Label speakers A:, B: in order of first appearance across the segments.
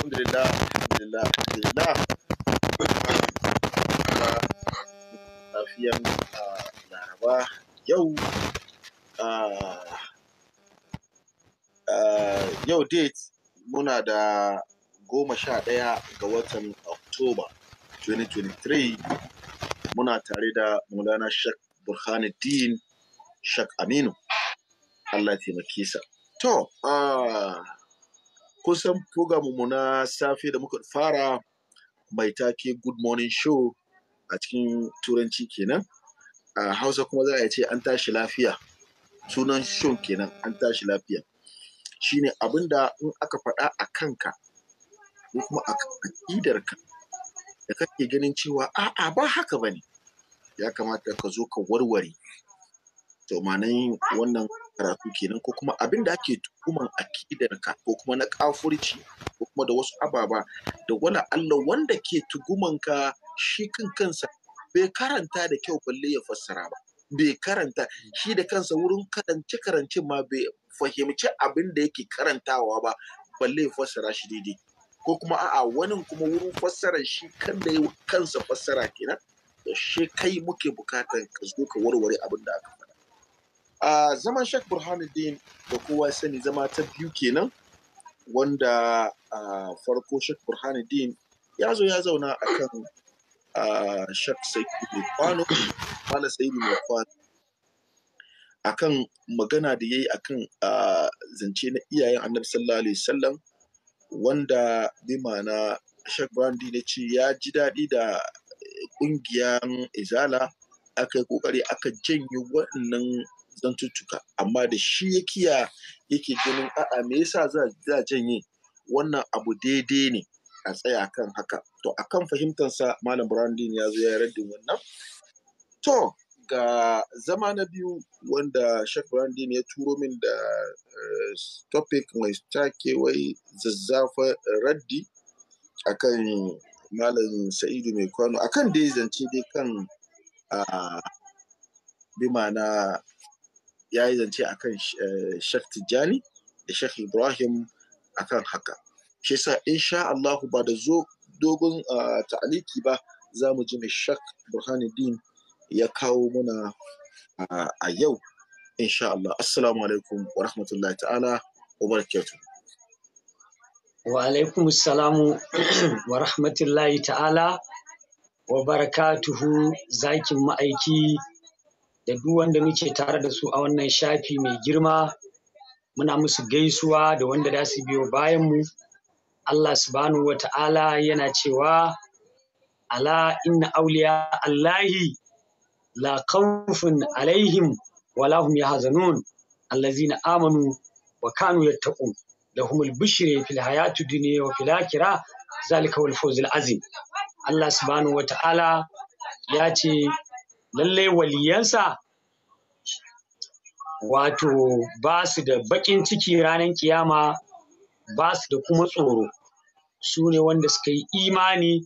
A: alhamdulillah alhamdulillah alhamdulillah lafiyan laraba yau yau date muna da goma sha ɗaya ga watan oktoba 2023 muna tare da mulana shak burhanuddin shak aminu allah taimake sa to kusan mu na safe da muka fara mai take good morning show a cikin turanci kenan a hausa kuma za a ce an tashi lafiya sunan shon kenan an tashi lafiya shine abinda in aka faɗa a kanka ko kuma a ƙidarka. da kake ganin cewa a'a ba haka bane ya kamata ka zo ka warware to wannan karatu kenan ko kuma abin da ake tuhuman akidar ka ko kuma na kafurci ko kuma da wasu ababa da wala Allah wanda ke tuhuman ka shi kan kansa bai karanta da kyau balle ya fassara ba bai karanta shi da kansa wurin karance karance ma bai fahimci abin da yake karantawa ba balle ya fassara shi daidai ko kuma a'a wani kuma wurin fassara shi kan da kansa fassara kenan da shi kai muke bukatan ka zo ka warware abin da aka faɗa a zaman shek burhanuddin da kowa sani zama ta biyu kenan wanda a farko shek burhanuddin ya zo ya zauna a kan shek sa'idu kwano mala mai kwano a kan magana da ya yi a kan zance na iyayen annabi sallallahu alaihi wasallam wanda bi ma'ana shek burhanuddin ya ce ya ji daɗi da ƙungiyar izala aka yi ƙoƙari aka janye waɗannan tuttuka amma da shi ya kiya yake ganin a'a me yasa za a janye wannan abu daidai ne a tsaya kan haka to akan fahimtansa malam brandin ya zo ya raddin wannan to ga zama na biyu wanda Sheikh Brandin ya turo min da eh, topic mai take wai zazzafa raddi akan Malam Sa'idu mai kwano akan dai zance dai kan uh, ah, na ya yi zance a kan eh, Sheikh Tijjani da Sheikh Ibrahim a kan haka shi sa, insha Allahu ba da zo dogon ah, ta'aliki ba za mu ji mai Sheikh Burhanuddin ya kawo muna ah, a yau insha Allah assalamu alaikum wa rahmatullahi ta'ala wa barakatu.
B: wa alaikum salamu wa rahmatullahi ta'ala wa barakatuhu zakin ma'aiki da duk wanda muke tare da su a wannan shafi mai girma muna musu gaisuwa da wanda za su biyo bayan mu Allah subhanahu wa ta'ala yana cewa ala inna auliya Allahi la khawfun alaihim wala hum yahzanun allazina amanu wa kanu yattaqun lahum albushra fil hayati dunya wa fil akhirah zalika wal fawzul azim Allah subhanahu wa ta'ala ya ce lallai waliyansa wato ba su da baƙin ciki ranar kiyama ba su da kuma tsoro su ne wanda suka yi imani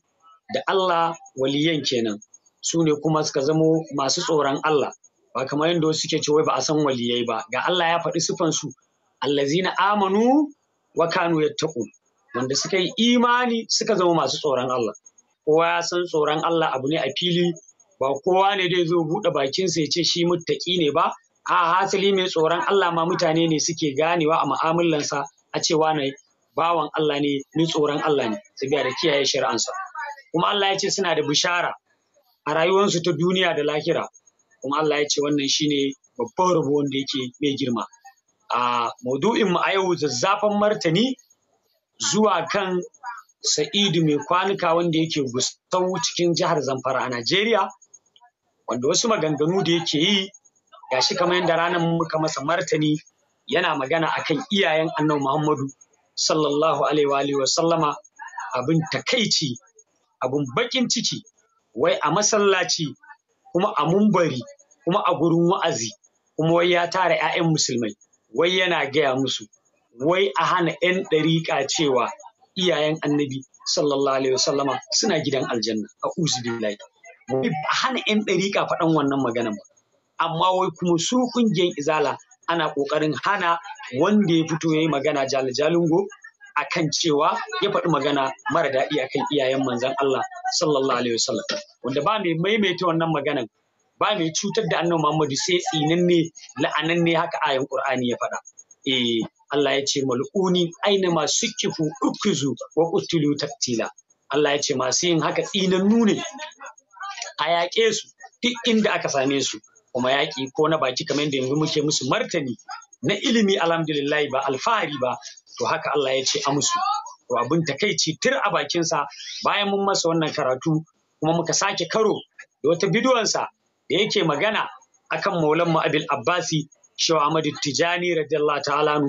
B: da Allah waliyan kenan su ne kuma suka zamo masu tsoron Allah ba kamar yadda wasu suke cewa ba a san waliyai ba ga Allah ya faɗi sifansu allazina amanu wa kanu yattaqun wanda suka yi imani suka zama masu tsoron Allah kowa ya san tsoron Allah abu ne a fili ba kowa ne zai zo buɗe bakinsa ya ce shi muttaki ne ba a hasali mai tsoron Allah ma mutane ne suke ganewa a mu'amalansa a cewa na bawan Allah ne ni tsoron Allah ne saboda da kiyaye shari'ansa kuma Allah ya ce suna da bishara a rayuwarsu ta duniya da lahira kuma Allah ya ce wannan shine babban rubo wanda yake mai girma a maudu'in mu a yau zazzafan martani zuwa kan sa'idu mai kwanuka wanda yake gusau cikin jihar zamfara a najeriya wanda wasu maganganu da yake yi shi kamar yadda ranar muka masa martani yana magana akan iyayen annabi Muhammadu sallallahu alaihi wa sallama abin takaici abin bakin ciki wai a masallaci kuma a mumbari kuma a gurin wa'azi kuma wai ya tara 'ya'yan musulmai wai yana gaya musu wai a hana 'yan ɗariƙa cewa iyayen annabi sallallahu alaihi wa sallama, suna gidan aljanna a billahi wai ba hana yan faɗan wannan magana ba amma wai kuma su ƙungiyar izala ana ƙoƙarin hana wanda ya fito ya yi magana a kan cewa ya faɗi magana mara daɗi akan iyayen manzan Allah sallallahu alaihi wasallam wanda ba mai maimaita wannan maganan ba mai cutar da annabi Muhammadu sai tsinanne ne haka ayan Qur'ani ya faɗa eh Allah ya ce mal'uni aina masu kifu ukuzu wa qutulu taktila Allah ya ce masu yin haka tsinannu ne a yaƙe su duk inda aka same su kuma yaƙi ko na baki kamar yadda yanzu muke musu martani na ilimi alhamdulillahi ba alfahari ba to haka Allah ya ce a musu to abin takaici tur a bakinsa bayan mun masa wannan karatu kuma muka sake karo da wata bidiyonsa da yake magana akan maulan mu abil abbasi shewa amadu tijani radiyallahu ta'ala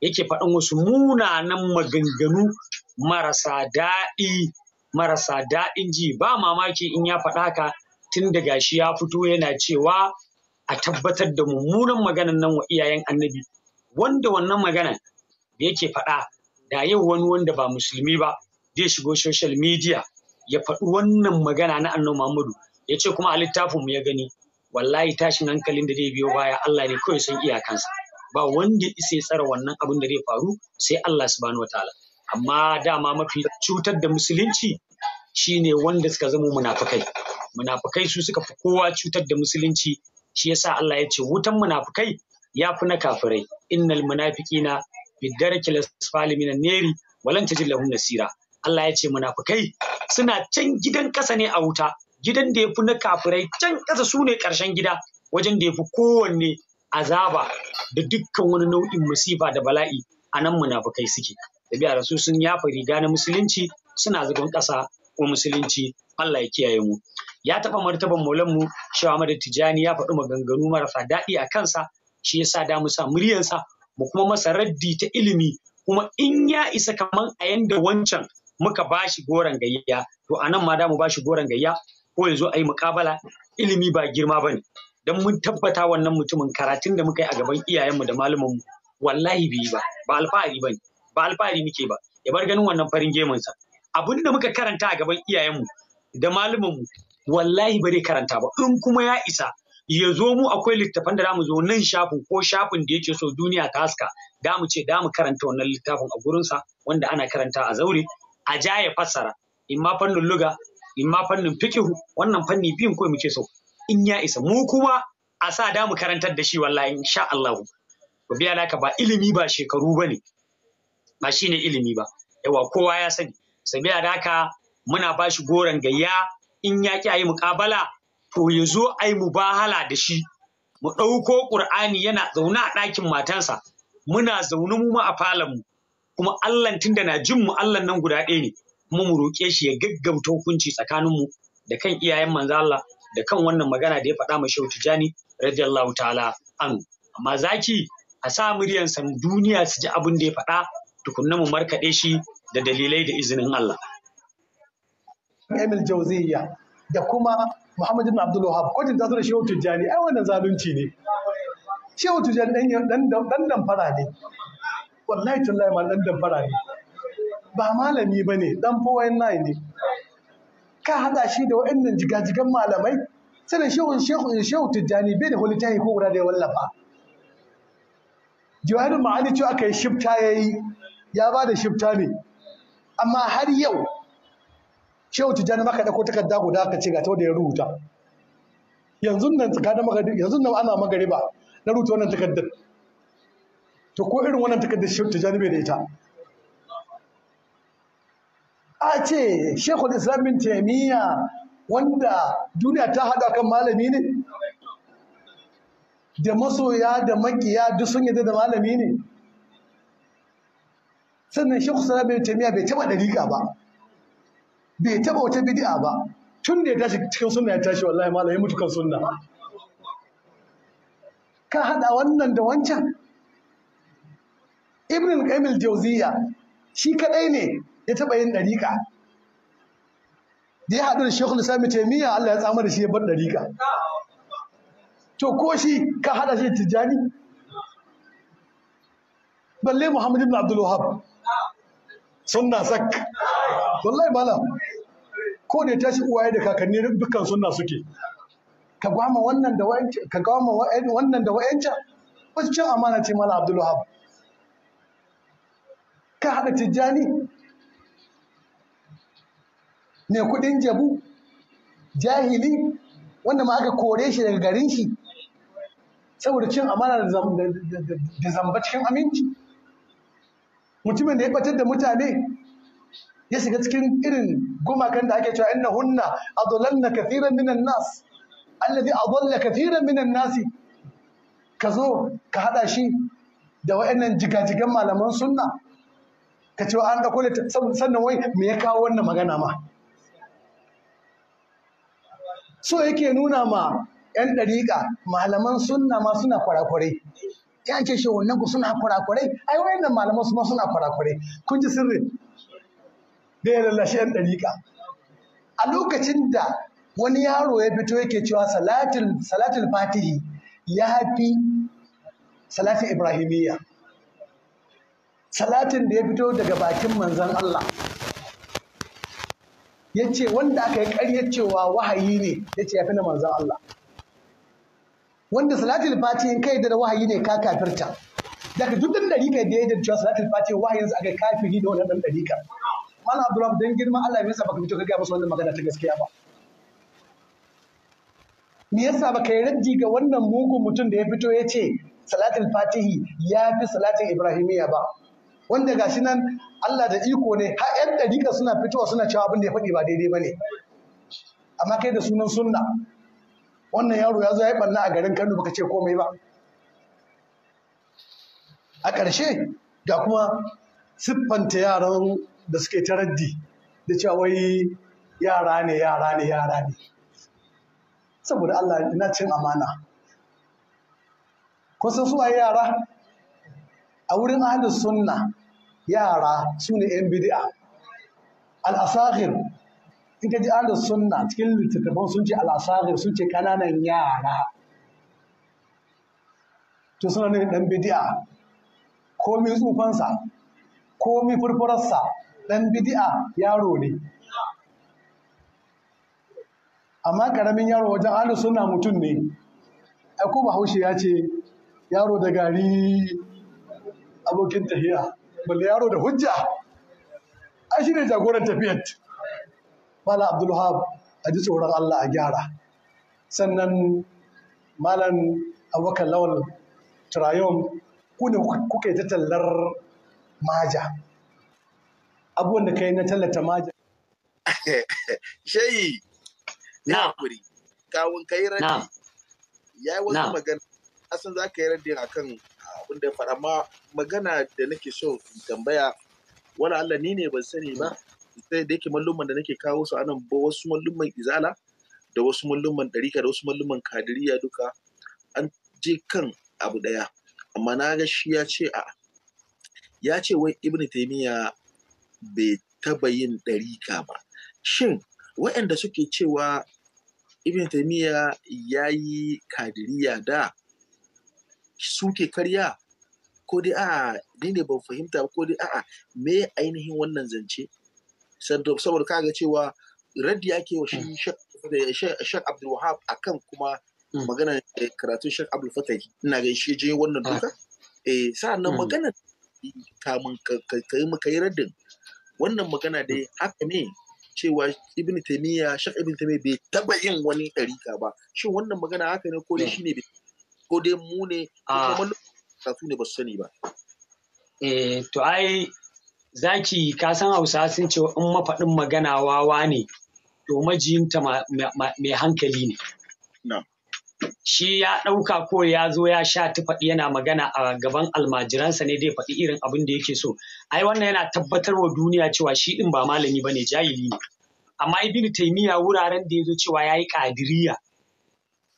B: yake faɗin wasu munanan maganganu marasa daɗi marasa daɗin ji ba mamaki in ya faɗa ka tun da gashi ya fito yana cewa a tabbatar da mummunan maganan nan wa iyayen annabi wanda wannan magana da yake faɗa da yau wani wanda ba musulmi ba zai shigo social media ya faɗi wannan magana na annabi Muhammadu ya ce kuma a littafin mu ya gani wallahi tashin hankalin da zai biyo baya Allah ne kawai san iyakansa ba wanda ya tsara wannan abin da zai faru sai Allah subhanahu wataala amma dama mafi cutar da musulunci shine wanda suka zama munafukai munafukai su suka fi kowa cutar da musulunci shi yasa Allah ya ce wutan munafukai ya fi na kafirai innal munafiqina fi darkil asfali minan neri walan tajid lahum nasira Allah ya ce munafukai suna can gidan kasa ne a wuta gidan da ya fi na kafirai can kasa su ne karshen gida wajen da ya fi kowanne azaba da dukkan wani nau'in masifa da bala'i a nan munafukai suke ɗabi'a da su sun yafa riga na musulunci suna zagon ƙasa ko musulunci Allah ya kiyaye mu ya taɓa martaban maulan mu cewa Ahmad Tijani ya faɗi maganganu marasa daɗi a kansa shi yasa da mu sa muryansa mu kuma masa raddi ta ilimi kuma in ya isa kaman a yanda wancan muka bashi goran gayya to anan ma da mu bashi goran gayya ko ya zo a yi muƙabala, ilimi ba girma bane dan mun tabbata wannan mutumin karatun da muka yi a gaban iyayenmu da malumanmu wallahi bai ba ba alfahari bane ba alfahari muke ba ya bar ganin wannan farin gemun sa abin da muka karanta a gaban iyayenmu da malumanmu wallahi ba zai karanta ba in kuma ya isa ya zo mu akwai littafan da mu zo nan shafin ko shafin da yake so duniya ta haska da mu ce da mu karanta wannan littafin a gurinsa wanda ana karanta a zaure a ja ya fassara in ma fannin luga in ma fannin fikihu wannan fanni biyun kawai muke so in ya isa mu kuma a sa da mu karantar da shi wallahi insha Allah ba biya ba ilimi ba shekaru bane ba shi ne ilimi ba yawa kowa ya sani sabila da haka muna ba shi goron gayya in ya ki ayi muƙabala to ya zo ayi mubahala da shi mu ɗauko ƙur'ani yana zaune a ɗakin matansa muna zaune mu a falon mu kuma Allah tunda na jin mu Allah nan guda ɗaya ne kuma mu roƙe shi ya gaggauta hukunci tsakanin mu da kan iyayen manzo Allah da kan wannan magana da ya faɗa ma Shehu Tijani radiyallahu ta'ala anhu amma zaki a sa muryan duniya su ji abun da ya faɗa tukunna mu markaɗe shi da dalilai da izinin Allah.
C: Emil Jauziyya da kuma Muhammad ibn Abdul Wahab kotun ta zo da Shehu Tijjani ai wannan zalunci ne. Shehu Tijjani dan dan damfara ne. Wallahi tallahi ma dan damfara ne. Ba malami ba ne, dan 419 ne. Ka hada shi da waɗannan jigajigan malamai sanin shehu shehu shehu Tijjani bai da wani tahi ko wurare ya wallafa. Jawahirul Ma'ani cewa aka yi shifta yayi ya ba da shifta ne amma har yau shehu tijjani maka ɗauko takarda guda aka ce ga ta wanda ya rubuta yanzu nan tsakanin magariba yanzu nan ana magariba na rubuta wannan takardar to ko irin wannan takardar shehu tijjani bai da ita a ce shekul islamin taimiyya wanda duniya ta haɗa kan malami ne da masoya da makiya duk sun yi da malami ne sannan Sheikh Salam bin Taymiyyah bai taɓa dariƙa ba bai taɓa wata bidi'a ba tun da ya tashi cikin sunna ya tashi wallahi malam ya mutu kan sunna ka haɗa wannan da wancan Ibn al Jauziya shi kadai ne ya taɓa yin dariƙa da ya haɗu da Sheikh Islam bin Taymiyyah Allah ya tsama da shi ya bar dariƙa to ko shi ka haɗa shi Tijjani? balle Muhammad ibn Abdul Wahhab sunna sak wallahi malam ko ne tashi uwaye da kakanni dukkan sunna suke ka gama wannan da wa'anci ka gama wannan da wasu cin amana ce malam abdul wahab ka haɗa tijjani mai kuɗin jabu jahili wanda ma aka kore shi daga garin shi saboda cin amana da zamba cikin aminci mutumin da ya batar da mutane ya shiga cikin irin gumakan da ake cewa inna hunna adlalna kathiran minan nas alladhi adalla kathiran minan nas ka zo ka hada shi da wayannan jigajigan malaman sunna ka ce an dauko sannan wai me ya kawo wannan magana ma so yake nuna ma yan dariƙa malaman sunna ma suna kwarakwarai ya ce shi wannan ku suna kurakurai ai wayannan malaman su ma suna kurakurai kun ji sirri da ya lallashe yan dariƙa a lokacin da wani yaro ya fito yake cewa salatul salatul fatihi ya fi salatin ibrahimiyya salatin da ya fito daga bakin manzon Allah ya ce wanda aka yi ƙaryar cewa wahayi ne ya ce ya fi na manzon Allah wanda salatul fati in kai da wahayi ne ka kafirta daga duk dan dalika da yayin da salatul fati wahayin sa aka kafiri da wannan dan dalika malam abdullah dan girma Allah ya sa ka fito ka ga musu wannan magana ta gaskiya ba me yasa baka yi raddi ga wannan mugun mutum da ya fito ya ce salatul fatihi ya fi salatin ibrahimiyya ba wanda gashi nan Allah da iko ne har yan dalika suna fitowa suna cewa abin da ya faɗi ba daidai ba ne amma kai da sunan sunna wannan yaro ya zo ya yi ɓanna a garin Kano baka ce komai ba a ƙarshe ga kuma siffanta yaran da suke ta da cewa wai yara ne yara ne yara ne saboda Allah ina cin amana su suwa yara a wurin ahlus sunna yara su ne yan bid'a al-asakhir in ka ji ahlus sunna cikin littattafan sun ce al'asari sun ce kananan yara to suna nufin dan bidi'a komi tsufansa komi furfurarsa dan bidi'a yaro ne amma karamin yaro wajen ahlus sunna mutum ne ai ko bahaushe ya ce yaro da gari abokin tafiya balle yaro da hujja ai ne jagoran tafiyar malam abdulwahab a ji tsoron allah a gyara sannan malam Abubakar lawal turayon ku ne kuka yi ta tallar maja abubuwan da ka yi na tallata maja
A: shayi na kuri, kawun ka yi rani. ya yi wani magana asan za ka yi rani a kan abin da faɗa ma magana da nake so in tambaya wani allah ni ne ban sani ba Sai da yake malluman da nake kawo su anan ba wasu malluman izala da wasu malluman ɗarika da wasu malluman kadiriya duka an je kan abu ɗaya amma na ga shi ya ce a ya ce wai ibn taimiyya bai taba yin ɗarika ba shin waɗanda suke cewa ibn taimiyya ya yi kadiriya da suke karya ko dai a, ne ban fahimta ko dai a, me ainihin wannan zance saboda kaga cewa raddi ake wa shi mm. shek abdul wahab akan kuma mm. magana karatun shek abdul fatahi ina ga shi je wannan ah. duka eh nan mm. magana kamun ka yi maka raddin wannan magana dai haka ne cewa ibn taymiya shek ibn taymiya bai taba yin wani ɗarika ba shin
B: wannan magana haka ne ko dai shine ko dai mu ne ko ah. kuma karatu ne ba su sani ba eh to ai zaki ka san hausa sun ce in mafaɗin magana wawa ne to majiyinta mai hankali ne shi ya ɗauka ko ya zo ya sha tufaɗi yana magana a gaban almajiransa ne dai faɗi irin abin da yake so ai wannan yana tabbatar wa duniya cewa shi ɗin ba malami ba ne jahili ne amma ibnu taimiya wuraren da ya zo cewa ya yi ƙadiriya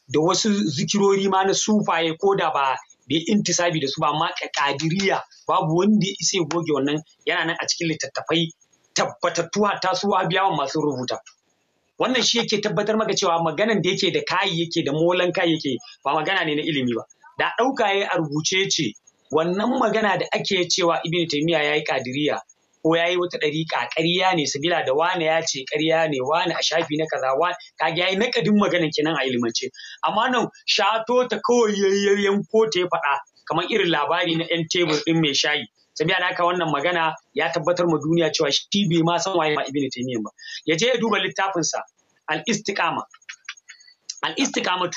B: da wasu zikirori ma na sufaye ko da ba bai intisabi da su ba amma kadiriya babu wanda isa goge wannan yana nan a cikin littattafai tabbatattuwa ta su biyawa masu rubuta wannan shi yake tabbatar maka cewa maganan da yake da kayi yake da molan kayi yake ba magana ne na ilimi ba da ɗauka ya a rubuce ce wannan magana da ake cewa ibn taymiya yayi kadiriya ko ya yi wata ɗariƙa ƙarya ne sabila da wane ya ce ƙarya ne wane a shafi na kaza wane ka ga yi nakadin maganan kenan a ilimance amma nan shato ta kawai yayyayen ko ta ya faɗa kamar irin labari na yan tebur ɗin mai shayi sabila da haka wannan magana ya tabbatar ma duniya cewa shi bai ma san waye ma ibnu taymiyyah ba ya je ya duba littafinsa al istiqama al istiqamatu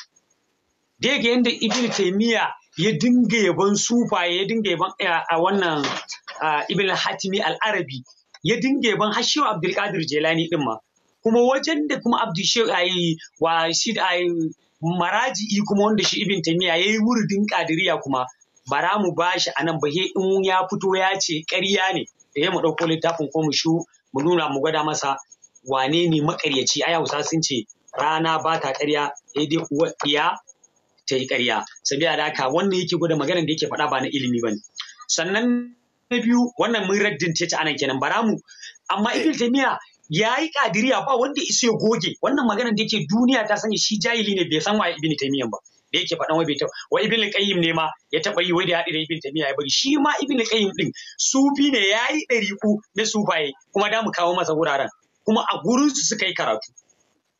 B: dai ga yanda ibn taymiyyah ya dinga yaban sufa ya dinga yaban eh, a wannan ibn hatimi al-arabi ya dinga yaban hashiwa abdulkadir jelani din ma kuma wajen da kuma abdu shehu ayi wa shi ayi maraji'i kuma wanda shi ibn tamiya yayi wurdin kadiriya kuma bara mu bashi anan ba he in ya fito ya ce ƙarya ne da eh, ya mu ɗauko littafin ko mu shu mu nuna mu gwada masa wane ne makaryaci ai hausa sun ce rana ba ta ƙarya dai uwa ta yi ƙarya sabiya da haka wannan yake gwada maganar da yake faɗa ba na ilimi ba ne sannan na biyu wannan mun raddin ta anan kenan bara mu amma ibn taymiya ya yi kadiriya ba wanda isa ya goge wannan maganar da yake duniya ta sani shi jahili ne bai san wa ibn taymiya ba da yake faɗan wai bai wa wai ibn qayyim ne ma ya taɓa yi wai da ya haɗu da ibn taymiya ya bari shi ma ibil qayyim din sufi ne ya yi ɗari na sufaye kuma da mu kawo masa wuraren kuma a gurinsu su suka yi karatu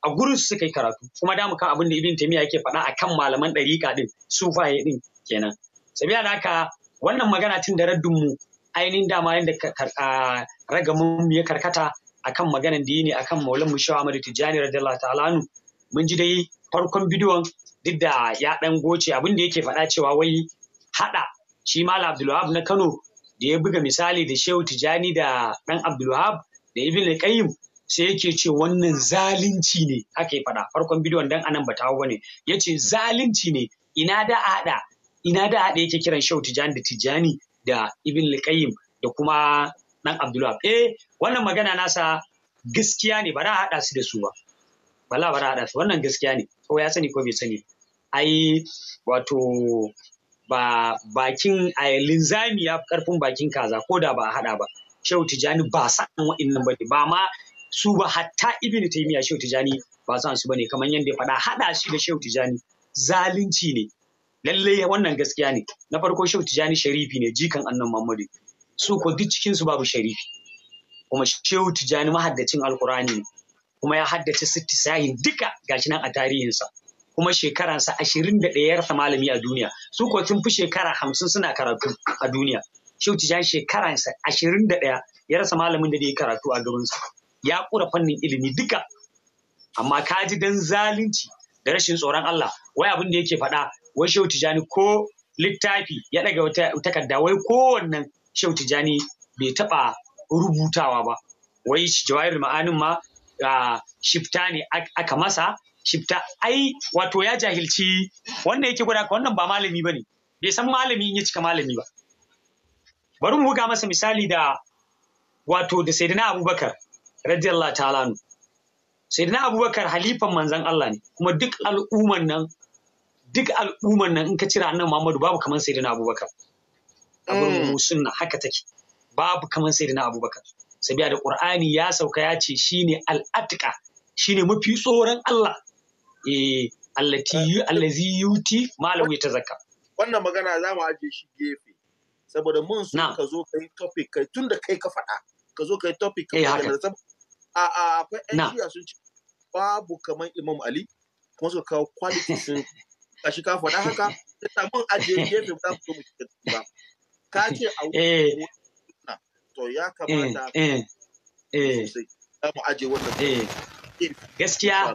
B: a gurin su suka yi karatu kuma da kan abin da ibn taymiya yake faɗa akan malaman ɗariƙa din sufaye din kenan sabiya da haka wannan magana tun da raddin mu ainihin dama yadda mu ya karkata akan maganan da ne akan maulan mushe Ahmadu Tijjani radiyallahu ta'ala anhu mun ji dai farkon bidiyon duk da ya dan goce abin da yake faɗa cewa wai haɗa shi mala Abdulwahab na Kano da ya buga misali da Shehu Tijjani da dan Abdulwahab da Ibn Qayyim sai yake ce wannan zalunci ne haka ya faɗa farkon bidiyon dan anan ba tawo bane ce zalunci ne ina da ada ina da yake kiran Shehu Tijani da Tijani da Ibn lukayim da kuma dan Abdullah eh wannan magana nasa gaskiya ne ba za a haɗa su da su ba bala ba za a haɗa su wannan gaskiya ne ko ya sani ko bai sani ai wato ba bakin a linzami ya fi karfin bakin kaza ko da ba a haɗa ba Shehu Tijani ba san wa'innan ba ne ba ma su ba hatta ibn taymiya shehu tijani ba san su bane kamar yadda ya faɗa haɗa shi da shehu tijani zalunci ne lallai wannan gaskiya ne na farko shehu tijani sharifi ne jikan annan muhammadu su ko duk cikin su babu sharifi kuma shehu tijani mahaddacin alkurani ne kuma ya haddace sittisahin duka gashi nan a tarihinsa kuma shekaransa ashirin da ɗaya rasa malami a duniya su ko tun fi shekara hamsin suna karatu a duniya shehu tijani shekaransa ashirin da ɗaya ya rasa malamin da zai karatu a garinsa ya kura fannin ilimi duka amma ka ji dan zalunci da rashin tsoron Allah wai abin da yake faɗa wai shehu tijani ko littafi ya ɗaga wata takarda wai kowannan shehu tijani bai taɓa rubutawa ba wai jawahir ma'anin ma shifta ne aka masa shifta ai wato ya jahilci wanda yake gwada ka wannan ba malami bane bai san malami in ya cika malami ba bari mu buga masa misali da wato da sayyidina abubakar radiyallahu ta'ala nu sayyidina abubakar halifan manzon Allah ne kuma duk al'umman nan duk al'umman nan in ka cira annabi Muhammadu babu kamar sayyidina abubakar a gurin hmm. sunna haka take babu kamar sayyidina abubakar sabiya da qur'ani ya sauka ya ce shine al'atqa shine mafi tsoron Allah eh allati allazi yuti malam yatazakka
A: wannan magana za mu ajiye shi gefe saboda mun so ka zo kai topic kai tunda kai ka faɗa ka zo kai topic kai eh, haka a a akwai ɗan shiya sun ce babu kamar imam ali kuma suka kawo quality sun kashi ka faɗa haka ta samu ajiye gefe ba su mu shiga ba ka ce a wurin eh. to ya kamata eh,
B: eh, mu ajiye wannan gaskiya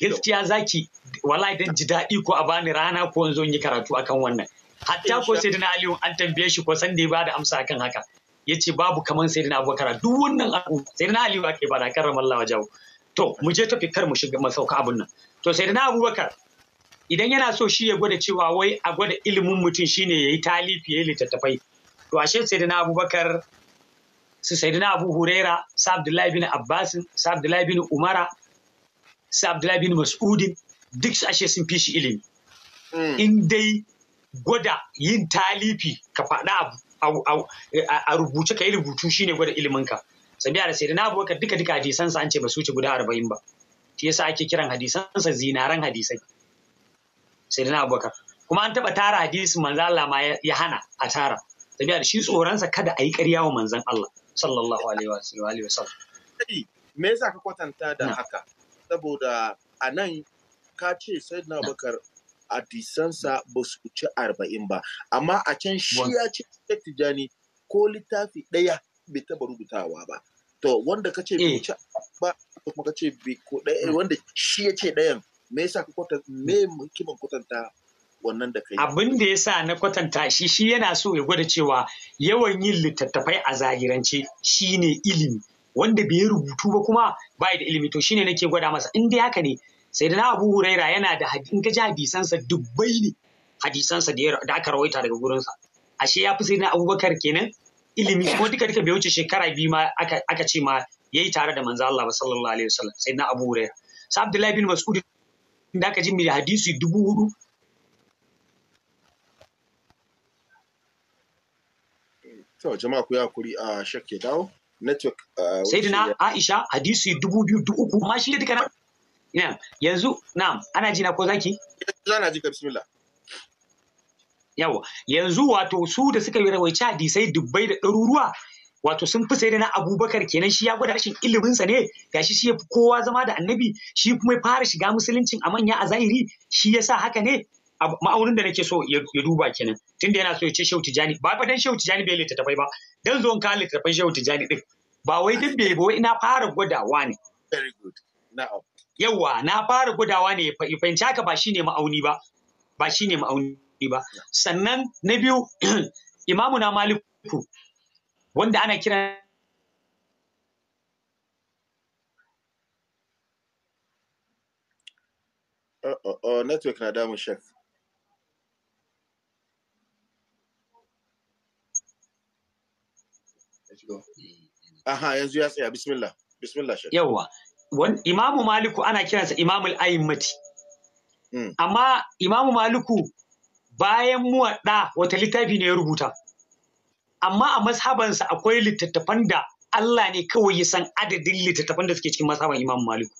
B: gaskiya zaki wallahi dan ji daɗi ko a bani rana ko in zo yi karatu akan wannan hatta ko sai na aliyu an tambaye shi ko san da ya bada amsa akan haka ya ce babu kamar sai na abubakar duk wannan abu aliyu ake ba ke bada karrama Allah wa jawo to mu je tafi kar mu shiga masauka abun nan to na abubakar idan yana so shi ya gwada cewa wai a gwada ilimin mutum shine yayi talifi yayi littattafai to ashe na abubakar su na abu huraira sa abdullahi bin abbas sa abdullahi bin umara sa abdullahi bin mas'udin duk su ashe sun fi shi ilimi hmm. in dai gwada yin talifi ka faɗa abu a rubuce ka yi rubutu shi ne gwada iliminka sabiya da sai na abubakar duka duka hadisansa an ce ba su wuce guda arba'in ba Ta yasa ake kiran hadisansa zinaren zinaran hadisai sai na abubakar kuma an taba tara hadisin manzan Allah ma ya hana a tara sabiya da shi tsoron sa kada a yi ƙarya wa manzan Allah sallallahu alaihi wa alihi wasallam
A: me yasa ka kwatanta da haka saboda a nan ka ce sayyidina abubakar hadisansa ba su ci arba'in ba amma a can shi ya ce tijani ko littafi ɗaya bai taɓa rubutawa ba to wanda ka ce bai eh. ba kuma ka ce bai ko ɗaya hmm. wanda shi ya ce ɗayan me yasa ka kwatanta me
B: hikiman kwatanta wannan da kai abin da sa na kwatanta shi shi yana so ya gwada cewa yawan yin littattafai a zahirance shine ilimi wanda bai rubutu ba kuma bai da ilimi to shine nake gwada masa in dai haka ne sai da abu huraira yana da hadin ka ji hadisansa dubbai ne hadisansa da aka rawaita daga gurinsa ashe ya fi sai na abubakar kenan ilimi kuma duka duka bai wuce shekara biyu ma aka ce ma yayi tare da manzo Allah sallallahu alaihi wasallam sai na abu huraira sai abdullahi bin mas'ud da aka ji mai hadisi dubu hudu
A: to jama'a ku ya kuri a shakke dawo network uh, sai da aisha
B: hadisi dubu biyu dubu uku ma shi ne duka Ina yanzu na'am ana ji ko zaki? Zana ji ka Yawa yanzu wato su da suka yi rawaice hadisai dubbai da ɗaruruwa wato sun fi sai na abubakar kenan shi ya gwada rashin iliminsa ne gashi shi ya kowa zama da annabi shi kuma ya fara shiga musuluncin a manya a zahiri shi ya sa haka ne ma'aunin da nake so ya duba kenan tunda yana so ya ce shehu tijani ba fa dan shehu tijani bai littattafai ba dan zo ka litafai shehu tijani din ba wai dan bai ba ina fara gwadawa ne very good now yawa na fara gudawa ne fahimci haka ba shi ne ma'auni ba ba shi ne ma'auni ba sannan na biyu imamu na maliku wanda ana kira
A: oh, oh, oh, network na damu shek
B: Aha, yanzu ya tsaya, bismillah, bismillah shek. Yawwa, imamu maliku ana kiransa imamul a'immati hmm. amma imamu maliku bayan muwaɗa wata littafi ne ya rubuta amma a mashabansa akwai littattafan da Allah ne kawai ya san adadin littattafan da suke cikin mashaban imamu maliku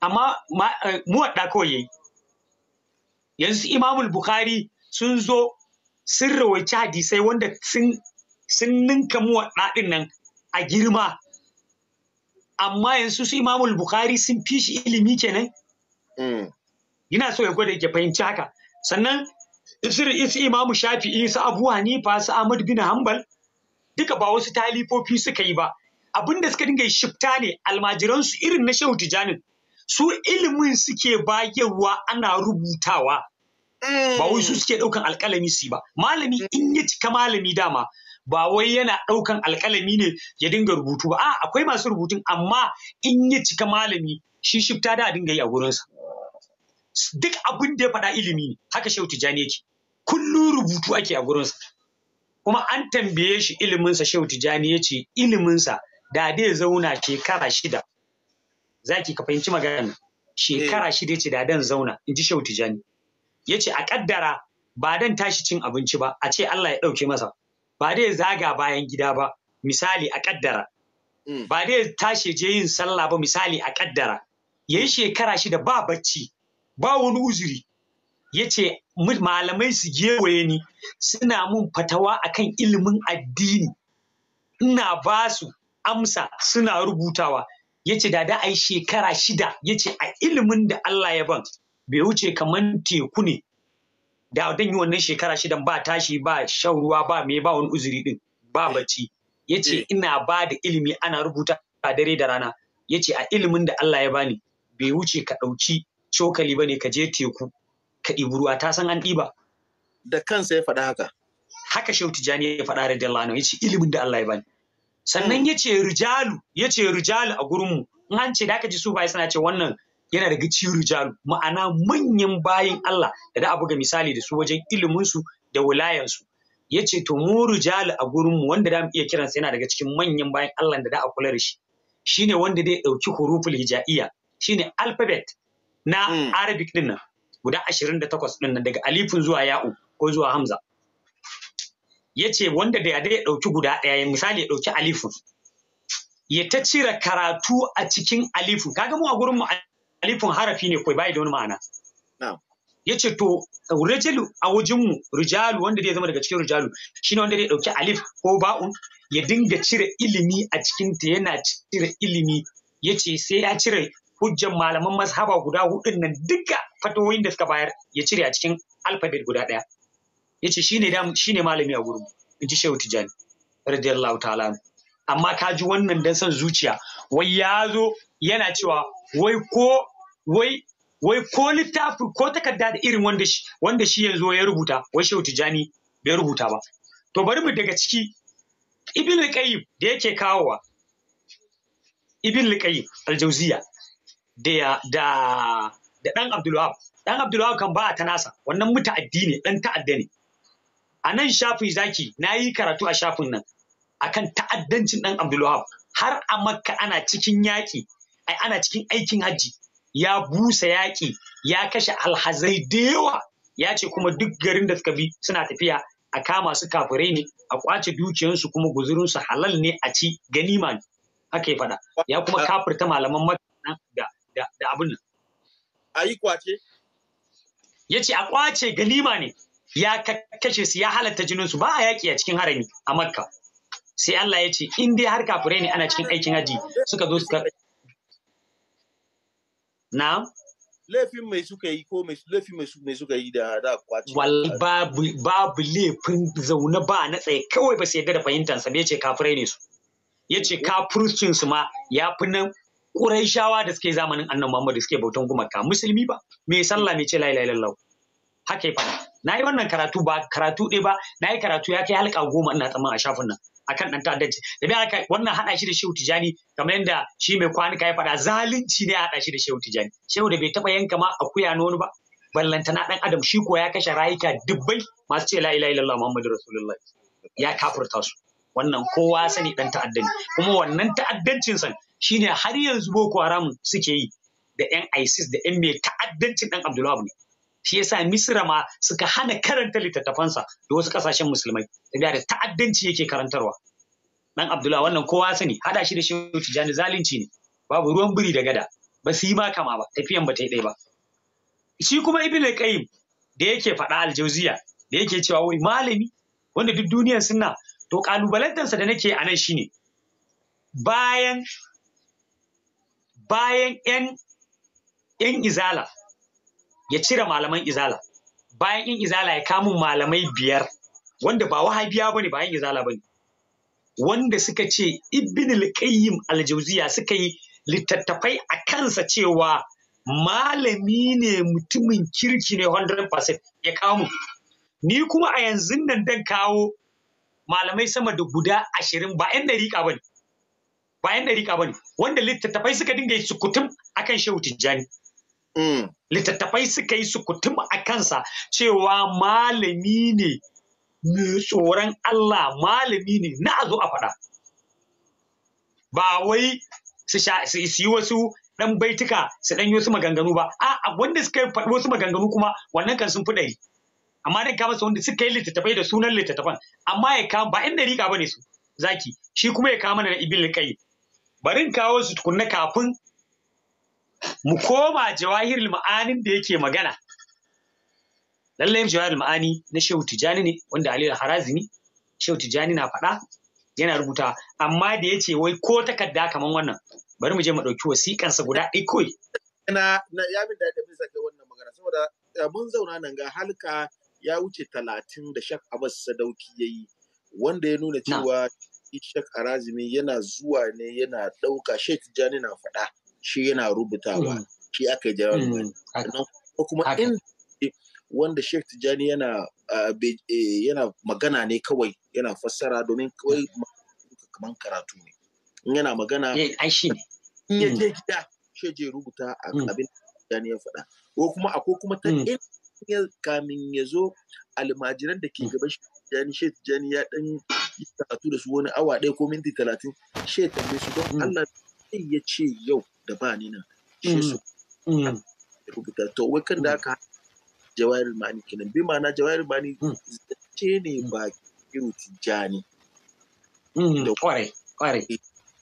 B: amma eh, muwaɗa kawai yayi yanzu Imamu bukhari sun zo sun rawaci hadisai wanda sun ninka muwaɗa ɗin nan a girma amma yanzu su imamul bukhari sun fi shi ilimi kenan mm. ina so ya gwada ya fahimci haka sannan isir isi imamu shafi'i su abu hanifa su ahmad bin hanbal duka ba wasu talifofi suka yi ba abin da suka dinga shifta ne almajiransu irin na shehu tijanin su ilimin suke bayarwa ana rubutawa mm. ba wai su suke ɗaukan alkalami su ba malami mm. in ya cika malami dama ba wai yana ɗaukan alƙalami ne ya dinga rubutu ba a'a akwai masu rubutun amma in ya cika malami shi shifta da a dinga yi a gurinsa duk abin da ya faɗa ilimi ne haka shehu tijjani yake kullum rubutu ake a gurinsa kuma an tambaye shi iliminsa shehu tijjani ya ce iliminsa da dai zauna shekara shida zaki ka fahimci magana shekara eh. shida ya ce da dan zauna in ji shehu tijjani ya ce a kaddara ba dan tashi cin abinci ba a ce Allah ya ɗauke masa ba dai zaga bayan gida ba misali a kaddara hmm. ba dai tashi je yin sallah ba misali a kaddara yayi shekara shida ba bacci ba wani uzuri ya ce malamai su gewaye ni suna mun fatawa akan ilimin addini ina ba su amsa suna rubutawa ya ce da da a shekara shida ya ce a ilimin da Allah ya ban bai wuce kaman teku ne da dan yi wannan shekara shidan ba tashi ba shan ruwa ba me ba wani uzuri din ba eh. bacci yace eh. ina ba da ilimi ana rubuta a dare da rana yace a ilimin da Allah ya bani bai wuce ka ɗauki cokali bane ka je teku ka ɗibi ruwa ta san an ɗiba da kansa ya faɗa haka haka Shehu Tijani ya faɗa radiyallahu anhu yace ilimin da Allah ya bani sannan hmm. yace rijalu yace rijalu a gurin mu in an ce da aka ji su bai suna ce wannan yana daga cikin rijalu ma'ana manyan bayin Allah da da buga misali da su wajen ilimin su da wilayan su yace to mu rijalu a gurin mu wanda mu iya kiransa yana daga cikin manyan bayin Allah da da a kula da shi shine wanda zai dauki huruful hijaiya shine alphabet na hmm. Arabic din nan guda 28 din nan daga alifin zuwa ya'u ko zuwa hamza yace wanda da ya dauki guda ɗaya misali ya dauki alifin ya ta cire karatu a cikin alifu kaga mu a gurin mu Alifin harafi ne kawai bai da wani ma'ana ya ce to rijalu a wajenmu rijalu wanda zai zama daga cikin rijalu shine wanda zai dauki alif ko ba'un ya dinga cire ilimi a cikinta yana cire ilimi ya ce sai ya cire hujjan malaman mazhaba guda hudun nan duka fatoyin da suka bayar ya cire a cikin alfabet guda daya ya ce shi ne malami a gurin in ji shehu tijani radiyallahu ta'ala amma ka ji wannan dan son zuciya wai ya zo yana cewa wai ko wai wai ko littafi ko takarda da irin wanda shi wanda shi yanzu ya rubuta wai Shehu Tijani bai rubuta ba to bari mu daga ciki Ibn Qayyim da yake kawowa Ibn Qayyim al-Jawziya da da da dan Abdul Wahab dan Abdul Wahab kan ba ta nasa wannan muta'addi ne dan ta'adda ne a nan shafin zaki na yi karatu a shafin nan akan ta'addancin dan Abdul Wahab har a Makka ana cikin yaƙi ana cikin aikin hajji ya busa yaƙi ya kashe alhazai da yawa ya ce kuma duk garin da suka bi suna tafiya a kama su kafirai ne a kwace dukiyansu kuma guzurinsu halal ne a ci ganima ne haka ya faɗa ya kuma kafirta malaman mata da da abin nan a yi kwace ya ce a kwace ganima ne ya kashe su ya halatta jininsu ba a yaƙi a cikin harami a makka sai Allah ya ce in dai har kafirai ne ana cikin aikin haji suka zo suka na laifin mai suka yi ko laifin mai suka yi da da kwaci wallahi babu babu laifin zaune ba na tsaye kawai ba sai yadda da fahimtar sa yace kafirai ne su yace kafircin su ma yafi nan Qurayshawa da suke zamanin Annabi Muhammad suke bautan gumaka musulmi ba me sallah me ce la ilaha illallah haka yi fada na yi wannan karatu ba karatu ɗaya ba na yi karatu ya kai halka goma ina tsaman a shafin nan akan ɗan ta'addanci da me aka wannan haɗa shi da Shehu Tijani kamar yadda shi mai kwanuka ya faɗa zalunci ne hada shi da Shehu Tijani Shehu da bai taba yanka ma akuya nono ba na dan adam shi ko ya kashe rayuka dubbai masu ce la ilaha illallah muhammadu rasulullah ya kafurta su wannan kowa sani dan ta'addani kuma wannan ta'addancin san shine har yanzu boko haram suke yi da yan isis da yan mai ta'addancin ɗan abdullahi ne shi yasa Misira ma suka hana karanta littattafansa da wasu kasashen musulmai da ta'addanci yake karantarwa dan abdullah wannan kowa sani hada shi da shi tijani zalunci ne babu ruwan biri da gada ba su yi ma kama ba tafiyan ba ta yi ɗaya ba shi kuma ibn qayyim da yake faɗa aljauziya da yake cewa wai malami wanda duk duniyar sunna to kalubalantarsa da nake a nan shine bayan bayan yan yan izala ya cire malaman izala bayan in izala ya kamu malamai biyar wanda ba wahabiya bane ba yan izala bane wanda suka ce ibn al-qayyim al-jawziya suka yi littattafai a kansa cewa malami ne mutumin kirki ne 100% ya kamu ni kuma a yanzu nan dan kawo malamai sama da guda ashirin ba 'yan dariƙa ba ne ba 'yan dariƙa ba ne wanda littattafai suka dinga yi sukutum akan shehu tijjani Mm. littattafai suka yi sukutum a kansa cewa malami ne tsoron Allah malami ne na a zo a faɗa ba wai su yi wasu ɗan baituka su ɗan yi wasu maganganu ba a wanda suka yi faɗi wasu maganganu kuma wannan kan sun fi ɗari amma dai kama su wanda suka yi littattafai da sunan littattafan amma ya kama ba inda rika ba ne su zaki shi kuma ya kama na ibin liƙai bari kawo su tukunna kafin mu koma jawahirul ma'anin da yake magana lallai jawahirul ma'ani na shehu tijani ne wanda aliyu harazimi shehu tijani na faɗa yana rubuta amma da ya ce wai ko takarda kamar wannan bari mu je mu ɗauki sa guda ɗaya kawai. na
A: ya min da kai wannan magana saboda eh, mun zauna nan ga halka ya wuce talatin da shak abbas sadauki yayi wanda ya nuna cewa shak arazimi yana zuwa ne yana ɗauka Shehu tijani na faɗa shi yana rubutawa mm. shi aka yi mm. ko kuma in wanda Sheikh Tijjani yana e, yana magana ne kawai yana fassara domin kawai mm. kamar karatu ne in yana magana eh,
B: ai shi ne in ya je
A: gida shi je rubuta abin Tijjani ya faɗa ko kuma a ko kuma ta kamin ya zo almajiran da ke gaban shi Tijjani shi Tijani ya dan karatu da su wani awa ɗaya ko minti talatin shi ya tambaye su don Allah ya ce yau da ba ni nan shi mm. su mm. rubuta to wai kan da mm. aka jawahir mani kenan bi ma'ana jawahir mani ce ne ba kiru tijjani da kware. kware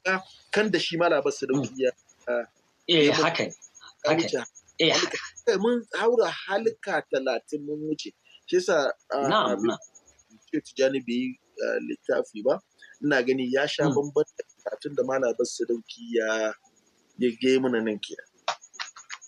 A: eh, kan da shi mala basu da wuya eh haka haka eh haka mun haura halka talatin mun wuce shi yasa na'am tijjani bai yi littafi ba ina gani ya sha bambanta tun da mala basu da ya
B: ya mana nan ke.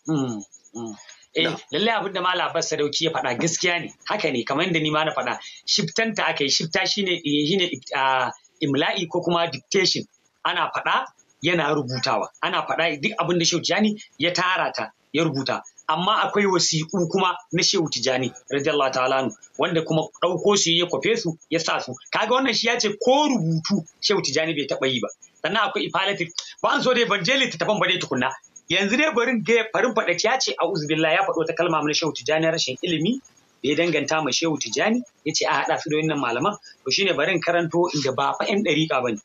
B: Mm, mm. Eh, lalle abin da Malam Abbas Sadauki ya faɗa gaskiya ne, haka ne kamar yadda ni ma na faɗa. Shiftanta aka yi, shifta shi ne eh, ah, imla'i ko kuma dictation. Ana faɗa yana rubutawa, ana faɗa duk abin da Shehu ya tara ta ya rubuta. amma akwai wasiƙu kuma na Shehu Tijani radiyallahu ta'ala wanda kuma ɗauko su ya kwafe su ya sa su kaga wannan shi ya ce ko rubutu Shehu Tijani bai taɓa yi ba sannan akwai ifalatif ba an so dai ban je littattafan ba dai tukunna yanzu dai barin ga farin faɗaci ya ce a uzubillah ya faɗo ta kalma mana shehu tijani rashin ilimi da ya danganta ma shehu tijani ya ce a haɗa su da wannan malaman to shine barin karanto inda ba fa yan ɗariƙa ba ne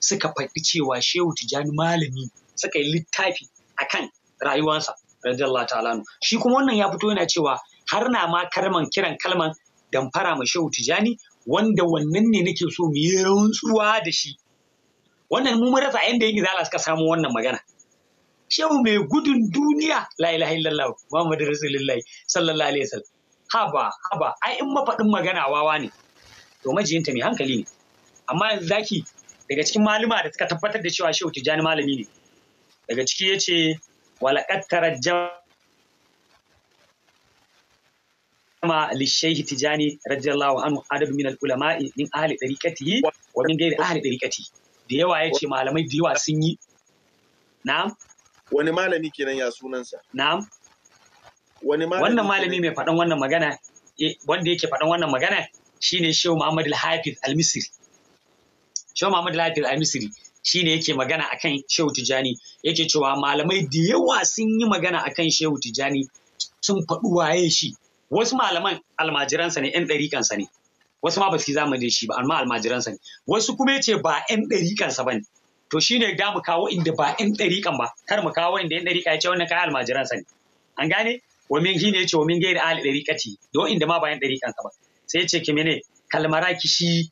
B: suka faɗi cewa shehu tijani malami suka yi littafi akan rayuwansa radiyallahu ta'ala shi kuma wannan ya fito yana cewa har na ma karman kiran kalman damfara ma shehu tijani wanda wannan ne nake so mu yi rantsuwa da shi wannan mu mun rasa inda yake zalas ka samu wannan magana shehu mai gudun duniya la ilaha illallah muhammadu rasulullahi sallallahu alaihi wasallam haba haba ai in mafaɗin magana wawa ne to majiyinta mai hankali ne amma yanzu zaki daga cikin maluma da suka tabbatar da cewa shehu tijjani malami ne daga ciki ya ce walaƙat tarajjama lishehi tijjani radiyallahu anhu adab min al-ulama'i min ahli dariqatihi wa min ghairi ahli dariqatihi da yawa ya ce malamai da yawa sun yi na'am wani malami kenan ya sunansa na'am wani malami wannan malami mai faɗan wannan magana eh, wanda yake faɗan wannan magana shi ne Shehu Muhammad Al-Hafiz Al-Misri Shehu Muhammad Al-Hafiz Al-Misri ne yake magana akan Shehu Tijani yake cewa malamai da yawa sun yi magana akan Shehu Tijani sun faɗi waye shi wasu malaman almajiransa ne 'yan ɗarikansa ne wasu ma ba su yi zamani shi ba amma almajiransa ne wasu kuma ce ba yan ɗariƙansa ba ne to shine da mu kawo inda ba yan ɗariƙan ba kar mu kawo inda yan ɗariƙa ce wannan kayan almajiransa ne an gane wa min shine ce wa min gairi ahli ɗariƙati don inda ma ba yan ɗariƙansa ba sai yace ki mene kalmarakishi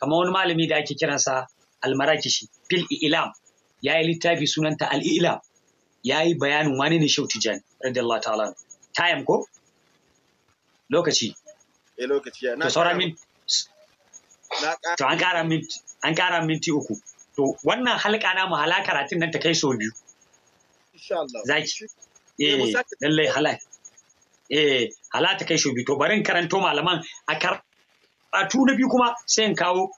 B: kamar wani malami da ake kiransa almarakishi fil ilam ya yi littafi sunanta al ilam ya yi bayanin wani ne shau tijani radiyallahu ta'ala time ko lokaci eh lokaci ya na sauran min to an ƙara minti an ƙara minti uku to wannan halka na mu hala karatun nan ta kai sau biyu zaki eh, eh lallai hala eh hala ta kai sau biyu to bari in karanto malaman a karatu na biyu kuma sai in kawo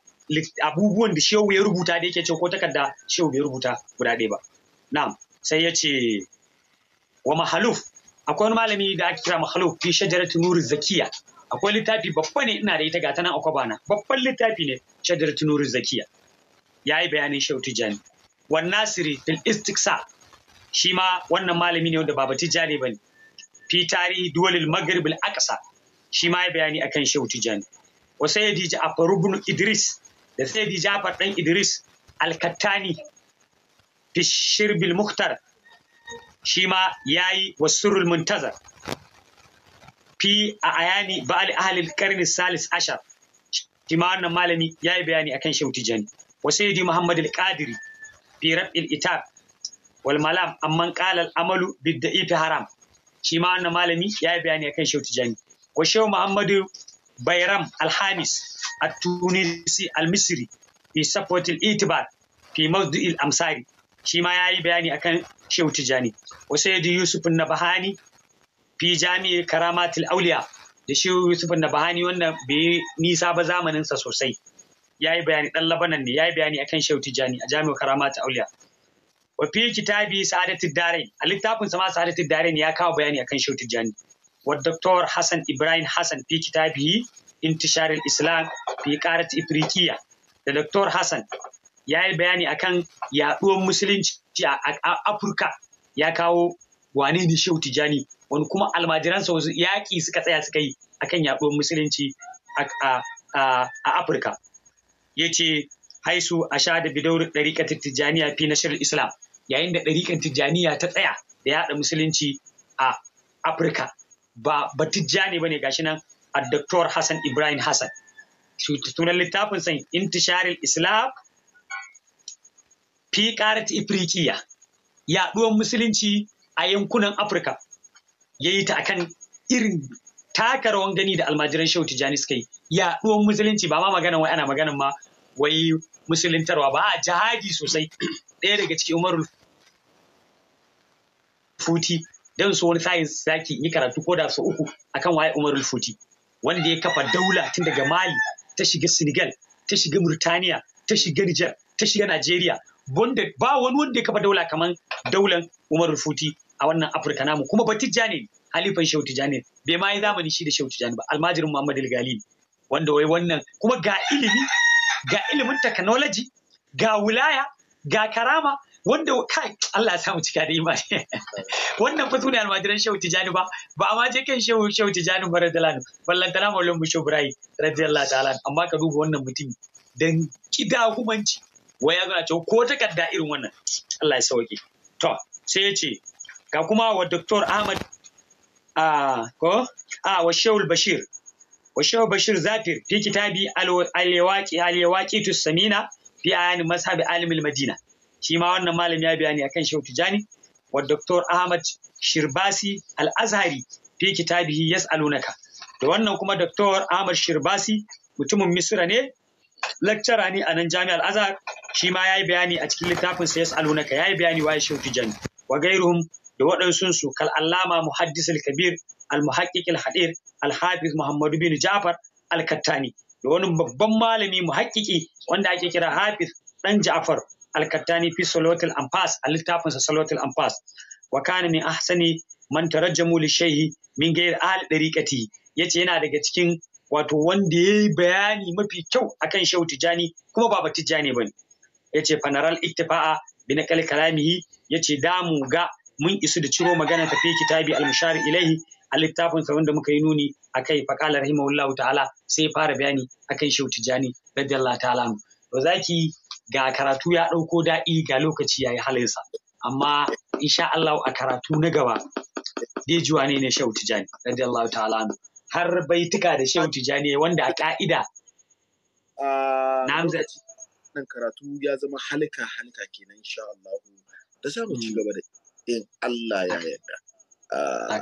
B: abubuwan da shehu ya rubuta da yake ce ko takarda shehu bai rubuta guda ɗaya ba na'am sai ya ce wa mahaluf akwai wani malami da ake kira mahaluf fi shajaratu nuri zakiya akwai littafi babba ne ina da ita ga ta nan kwabana babban littafi ne shadar tunuru zakiya ya yi bayanin shehu tijjani wan nasiri fil istiksa shi ma wannan malami ne wanda baba tijjani ne. fi tarihi duwalil maghrib al aqsa shi ma ya bayani akan shehu tijjani wa sayyidi ja'far ibn idris da sayyidi ja'far dan idris al kattani fi shirbil muhtar shi ma yayi wasurul muntazar fi a ayani ba'ali ahlil karni salis ashar shi ma wannan malami ya yi bayani akan shehu tijani wa sayyidi muhammad al-qadiri fi rab'il itab wal malam amman qala al-amalu bid haram shi ma wannan malami ya yi bayani akan shehu tijani wa shehu muhammad bayram al-hamis at-tunisi al-misri fi support al-itibar fi mawdu'il amsari shi ma ya yi bayani akan shehu jani. wa sayyidi yusuf nabahani fi jami'i karamatul auliya da shi Yusuf da Bahani wannan bai nisa ba zamanin sa sosai yayi bayani dan labanan ne yayi bayani akan Shehu Tijani a jami'ar karamatul auliya wa fi kitabi sa'adatul darain a littafin sa ma sa'adatud darain ya kawo bayani akan Shehu Tijani wa Dr. Hassan Ibrahim Hassan fi kitabi intishar islam fi qarat ifriqiya da Dr. Hassan ya yi bayani akan yaduwar musulunci a Afirka ya kawo wane ne shehu tijani wani kuma almajiransa wasu yaƙi suka tsaya suka yi akan yaɗuwar musulunci a afirka ya ce haisu a sha da bidawar ɗariƙar Tijaniya fi na islam yayin da ɗariƙar Tijaniya ta tsaya da yaɗa musulunci a afirka ba ba tijjani ba ne gashi nan a Dr. hassan ibrahim hassan tunan littafin san intisharil islam fi ƙarat ifriqiya yaɗuwar musulunci a yankunan Afirka ya yi ta akan irin taka rawan gani da almajiran Shehu Tijjani suka yi ɗuwan musulunci ba ma magana wai ana maganan ma wai musuluntarwa ba a jihadi sosai ɗaya daga cikin Umaru Futi don su wani sayin saki yi karatu ko da su uku akan waye Umaru Futi wanda ya kafa daula tun daga Mali ta shiga Senegal ta shiga Murtaniya ta shiga Niger ta shiga Najeriya wanda ba wani wanda ya kafa daula kamar daular Umaru Futi a wannan Afirka namu kuma ba Tijjani halifan Shehu Tijjani bai ma yi zamani shi da Shehu Tijjani ba almajirin Muhammad al wanda wai wannan kuma ga ilimi ga ilimin technology ga wilaya ga karama wanda kai Allah ya samu cika da imani wannan fa sunan almajiran Shehu Tijjani ba ba amma je kan Shehu Shehu Tijjani ba radiyallahu ballantana Maulana Musho Ibrahim radiyallahu ta'ala amma ka duba wannan mutum dan kida hukumanci wai ya gana cewa ko takarda irin wannan Allah ya sauke to sai ya ce ga kuma wa Dr. Ahmad a ko a wa Shehul Bashir wa Shehul Bashir Zafir fi kitabi al-Waqi al-Waqi tus-Samina fi ayan mazhab alim madina shi ma wannan malami ya bayani akan Shehu Tijani wa Dr. Ahmad Shirbasi al-Azhari fi kitabihi yas'alunaka da wannan kuma Dr. Ahmad Shirbasi mutumin Misra ne lecturer ne a nan Jami'ar Azhar shi ma ya yi bayani a cikin littafin sa ya yi bayani wa Shehu Tijani wa gairuhum da waɗansun su kal allama muhaddis al-kabir al-muhaqqiq al-hadir al-hafiz muhammadu bin ja'far al-kattani da wani babban malami muhaqqiki wanda ake kira hafiz dan ja'far al-kattani fi salatul anfas a littafinsa salatul anfas wa kana min ahsani man tarajjamu li shayhi min ghayr al dariqati yace yana daga cikin wato wanda yayi bayani mafi kyau akan shehu tijani kuma ba tijani bane yace fanaral ittifa'a bi naqal kalamihi yace damu ga mun isu da ciro magana tafi kitabi al mushari ilaihi a littafin sa wanda muka yi nuni akai faqala rahimahullahu ta'ala sai fara bayani akan shehu tijani radiyallahu ta'ala to zaki ga karatu ya ɗauko daɗi ga lokaci yayi halinsa amma insha Allah a karatu na gaba juwa ne ne shehu tijani radiyallahu ta'ala har baituka da shehu tijani wanda a ka'ida ah,
A: na karatu ya zama halika halika kenan insha Allah da samu ci mm. gaba da in Allah ya yarda. Ah,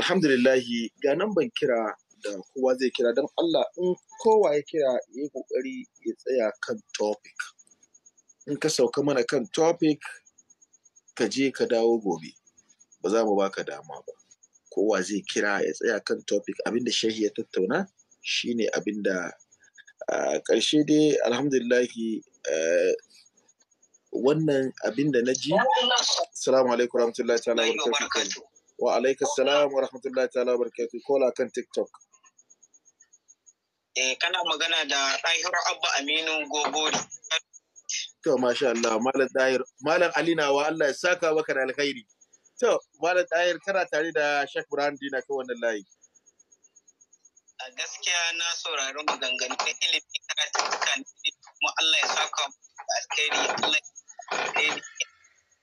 A: alhamdulillahi ga nan ban kira da kowa zai kira don Allah in kowa ya kira ya yi kokari ya tsaya kan topic. In ka sauka mana kan topic ka je ka dawo gobe ba za mu baka dama ba. Kowa zai kira ya tsaya kan topic abinda shehi ya tattauna shine abinda a ah, ƙarshe dai alhamdulillahi eh, wannan abin da na ji Salamu alaikum rahmatullahi ta'ala wa wa alaikum salamu wa rahmatullahi ta'ala barakatuh kola kan tiktok eh kana magana da Dahiru Abba Aminu Gogori to masha Allah malam dahir malam alina wa Allah ya saka maka da alkhairi to malam dahir kana tare da shek Burhan Dina kan wannan layi a gaskiya na saurari maganganun ilimi karatun kuma Allah ya saka alkhairi Allah in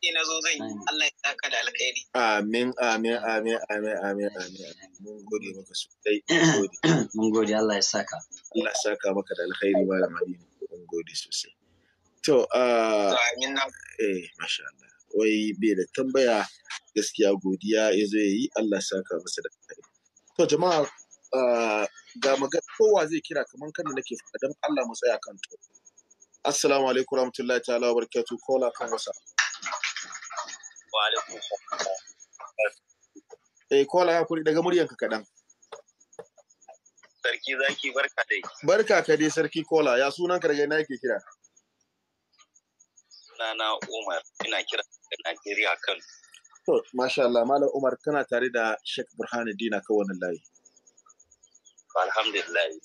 A: eh, na zo zan yi Allah ya saka da alkhairi. Amin, amin, amin, amin, amin, amin. Mun gode maka sosai. Mun gode Allah ya saka. Allah ya saka maka da alkhairi ba da Mun gode sosai. To, ah, amin na. Eh, masha Allah. Wai bai da tambaya gaskiya godiya ya zo ya yi Allah saka masa da alkhairi. To jama'a ah, ga magana kowa zai kira kamar kan da nake faɗa don Allah mu tsaya kan to. assalamu alaikum rahmatullahi ta'ala wa barakatuh kola kan wasa wa alaikum eh kola ya kuri daga muryanka kaɗan sarki zaki barka dai barka ka dai sarki kola ya sunanka daga ina yake kira sunana umar ina kira daga najeriya kan to masha Allah malam umar kana tare da Sheikh Burhanuddin a wannan layi alhamdulillah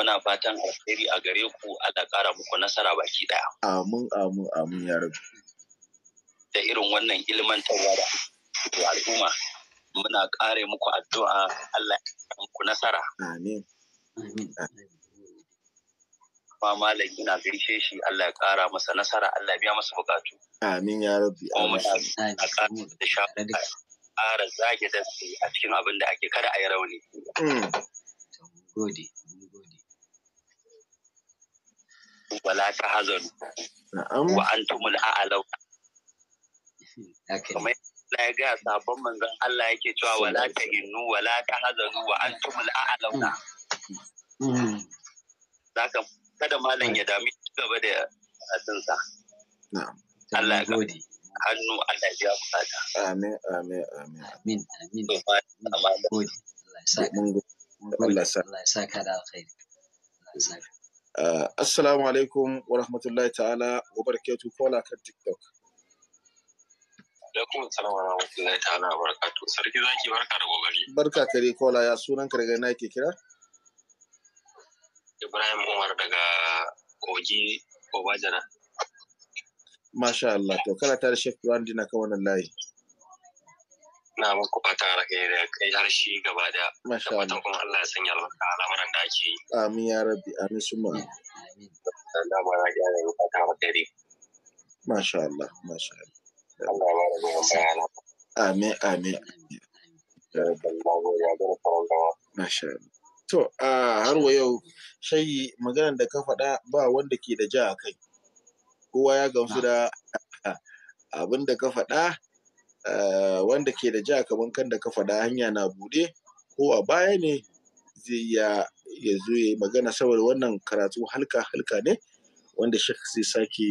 A: muna fatan alheri a gare ku Allah ƙara muku nasara baki daya amin amin amin ya rabu da irin wannan ilmantarwa da al'umma muna ƙare muku addu'a Allah ya muku nasara amin ma malam ina gaishe shi Allah ya ƙara masa nasara Allah ya biya masa bukatu amin ya rabbi amin Muna ƙara da shafi ƙara
B: zage da a cikin abin da ake kada a yi rauni mm. gode
A: wala ta hazaru wa antumul a'law kamar Allah ya ga sabon manzon Allah yake cewa wala ta innu wala ta hazaru wa antumul
B: a'law hmm. Hmm.
A: zaka kada malam ya dami gaba da asinsa Allah ya gode hannu Allah ya bukata amin amin amin amin amin Allah ya saka Allah ya saka da alkhairi Allah ya saka Uh, assalamu alaikum wa rahmatullahi ta'ala wa barakatu kola kan TikTok. Alaikum assalamu wa ta'ala wa barakatu. Sarki ki barka da gogari. Barka kare kola ya sunan ka daga nake kira? Ibrahim Umar daga Kogi Obajana. Masha Allah to kana tare Sheikh Ibrahim Dina kan wannan layi. na muku fatan alheri da kai har shi gaba da fatan kuma Allah ya sanya albarka a lamarin da ake yi amin ya rabbi amin suma Allah ma ya gyara mu fatan alheri masha Allah masha Allah Allah ya bada goyon amin amin ya masha Allah to a har wa yau shayi maganar da ka faɗa ba wanda ke da ja a kai kowa ya gamsu da abin da ka faɗa Eh, wanda ke da ja kamar kan da ka faɗa hanya na buɗe ko a baya ne zai iya ya zo ya magana saboda wannan karatu halka halka ne wanda shi zai sake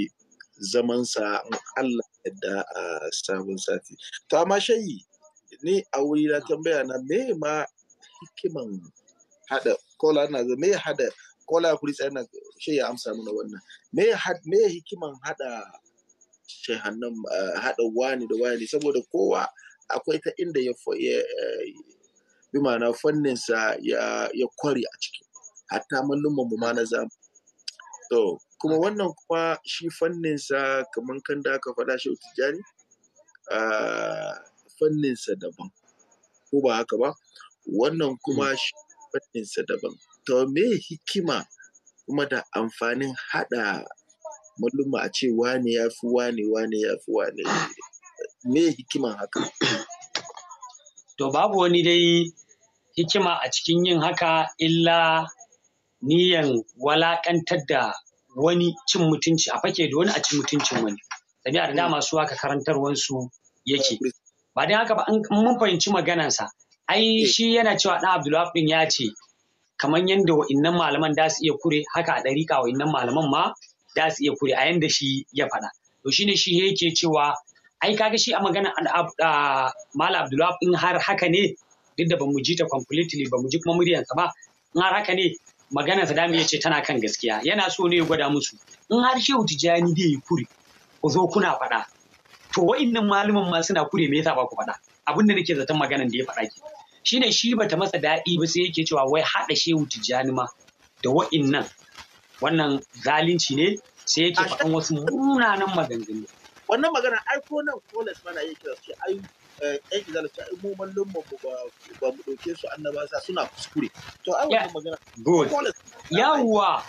A: zamansa in Allah da a sabon sati to amma shayi ni a wuri na tambaya na me ma hikiman hada kola na zo me hada kola kuri tsaye na shayi amsa mana wannan me me hikiman haɗa? hannun eh, haɗa wani da wani saboda kowa akwai ta inda ya eh, bi mana fanninsa ya kware a ciki hatta mallumman mu ma na zamu kuma wannan kuma shi fanninsa kamar kan da aka faɗa shi Fannin ah, fanninsa daban ko ba haka ba wannan kuma mm. shi fanninsa daban to me hikima kuma da amfanin haɗa malluma a ce wane ya fi wane wane ya fi wane me
B: hikiman haka to babu wani dai hikima a cikin yin haka illa niyan walakantar da wani cin mutunci a fake da wani a cin mutuncin wani tabi'a da dama su haka su yake ba dan haka ba in mun fahimci maganansa ai eh. shi yana cewa ɗan abdullahi din ya ce kamar yadda wa'innan malaman da su iya kure haka a ɗariƙa wa'innan malaman ma zasu su iya kure a yanda shi ya faɗa to shine shi yake cewa ai kaga shi a magana Malam Abdullahi in har haka ne duk da bamu ji ta completely bamu ji kuma muryansa ba in har haka ne maganar sa dami yace tana kan gaskiya yana so ne ya gwada musu in har Shehu Tijani bai yi kure ku zo kuna faɗa to wa'innan malaman ma suna kure me yasa ba ku faɗa abin da nake zaton maganar da ya faɗa Shi shine shi bata masa daɗi ba sai yake cewa wai haɗa Shehu Tijani ma da wa'innan wannan zalunci ne sai yake faɗan wasu munanan maganganu wannan magana ai ko nan college mana
A: yake kira ce ai yan eh, izala zalunci ai mu mallon mu ba mu ɗauke su annaba sa suna kuskure
B: to ai wannan magana good yawwa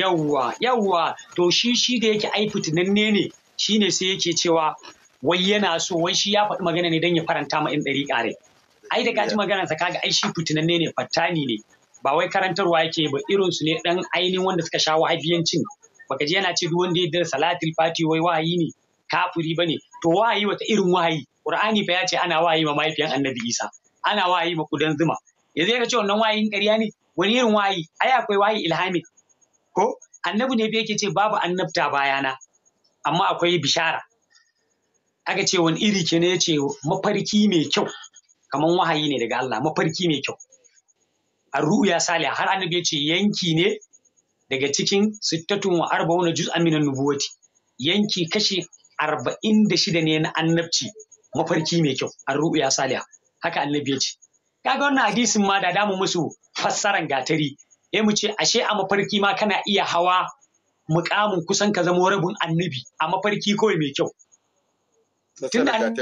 B: yawwa yawwa to shi shi da yake ai fitinanne ne shine sai yake cewa wai yana so wai shi ya faɗi magana ne don ya faranta ma in ɗari ƙare ai da kaji maganar sa kaga ai shi fitinanne ne fattani ne ba wai karantarwa yake ba irin su ne dan ainihin wanda suka sha wahabiyancin baka ji yana ce duk wanda ya dar salatul fati wai wahayi ne kafiri bane to wahayi wata irin wahayi qur'ani fa ya ce ana wahayi ma mahaifiyan annabi isa ana wahayi ma kudan zuma yanzu ka ce wannan wahayin ƙarya ne wani irin wahayi ai akwai wahayi ilhami ko annabi ne yake ce babu annabta bayana amma akwai bishara aka ce wani iri ke ne ya ce mafarki mai kyau kamar wahayi ne daga Allah mafarki mai kyau ya sale har annabi ya ce yanki ne daga cikin sittatun wa wani juz minan nubuwati yanki kashi arba'in da shida ne na annabci mafarki mai kyau ya sale haka annabi ya ce kaga wannan hadisin ma da damu musu fassaran gatari Ya mu ce ashe a mafarki ma kana iya hawa mukamin kusan ka zama rabin annabi a mafarki kawai mai kyau tun da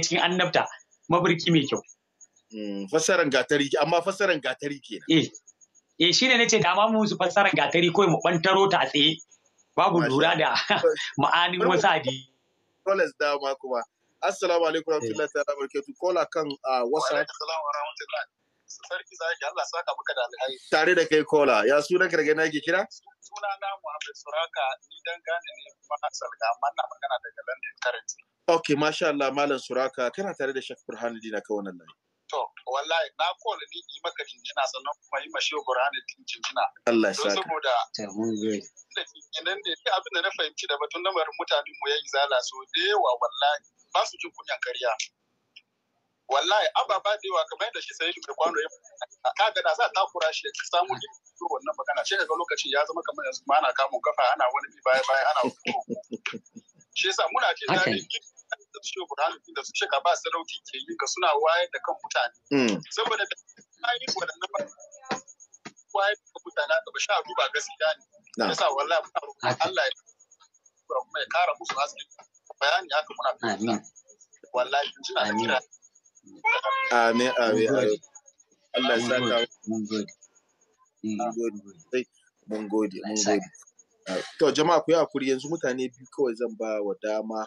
B: cikin annabta mafarki mai kyau Mm, fassarar gatari amma fassaran gatari ke. eh eh shine nace da amma mu su fassaran gatari ko mu bantaro ta tsaye babu lura da ma'anin wasu adi
A: Rolex ma kuma assalamu alaikum warahmatullahi eh. ta'ala barkatu kola kan uh, wasa assalamu warahmatullahi sarki zaki Allah saka maka da alheri tare da kai kola ya sunan ka daga nake kira suna na Muhammad Suraka ni dan gane ne Faisal ga amma na magana daga London currently okay masha Allah malam Suraka kana tare da Sheikh na ka wannan nan. to wallahi na kola ni yi maka jinjina sannan kuma yi mashe Qur'ani jinjina Allah ya saka saboda da jinjinan ne abin da na fahimci da batun namar mutanen mu ya yi zala so da yawa wallahi ba su jin kunyan karya wallahi ababa da yawa kamar yadda shi sai da kwano ya ka ga da sa takura shi ka samu ne wannan magana sai daga lokacin ya zama kamar yanzu ma ana kamun kafa ana wani bi baya baya ana
B: shi yasa muna jin
A: daɗin shi da su shaka ba sarauki ke yi ga suna wayar da kan mutane hmm. saboda da yi wadannan ba wayar da mutane duba gaskiya ne Allah ya kuma ya kara musu haske bayani haka muna amin wallahi jina da kira amin amin amin Allah ya saka mun gode mun gode eh, mun gode to jama'a ku yi hakuri yanzu mutane biyu kawai zan ba wa dama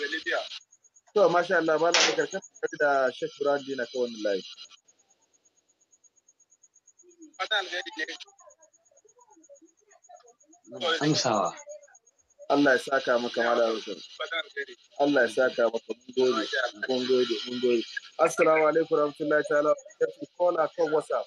A: daga to masha Allah ba na da karshen da Sheikh na kawai layi amsawa Allah ya saka maka malam Allah ya saka maka mun gode mun gode mun gode assalamu alaikum warahmatullahi ta'ala kola kan whatsapp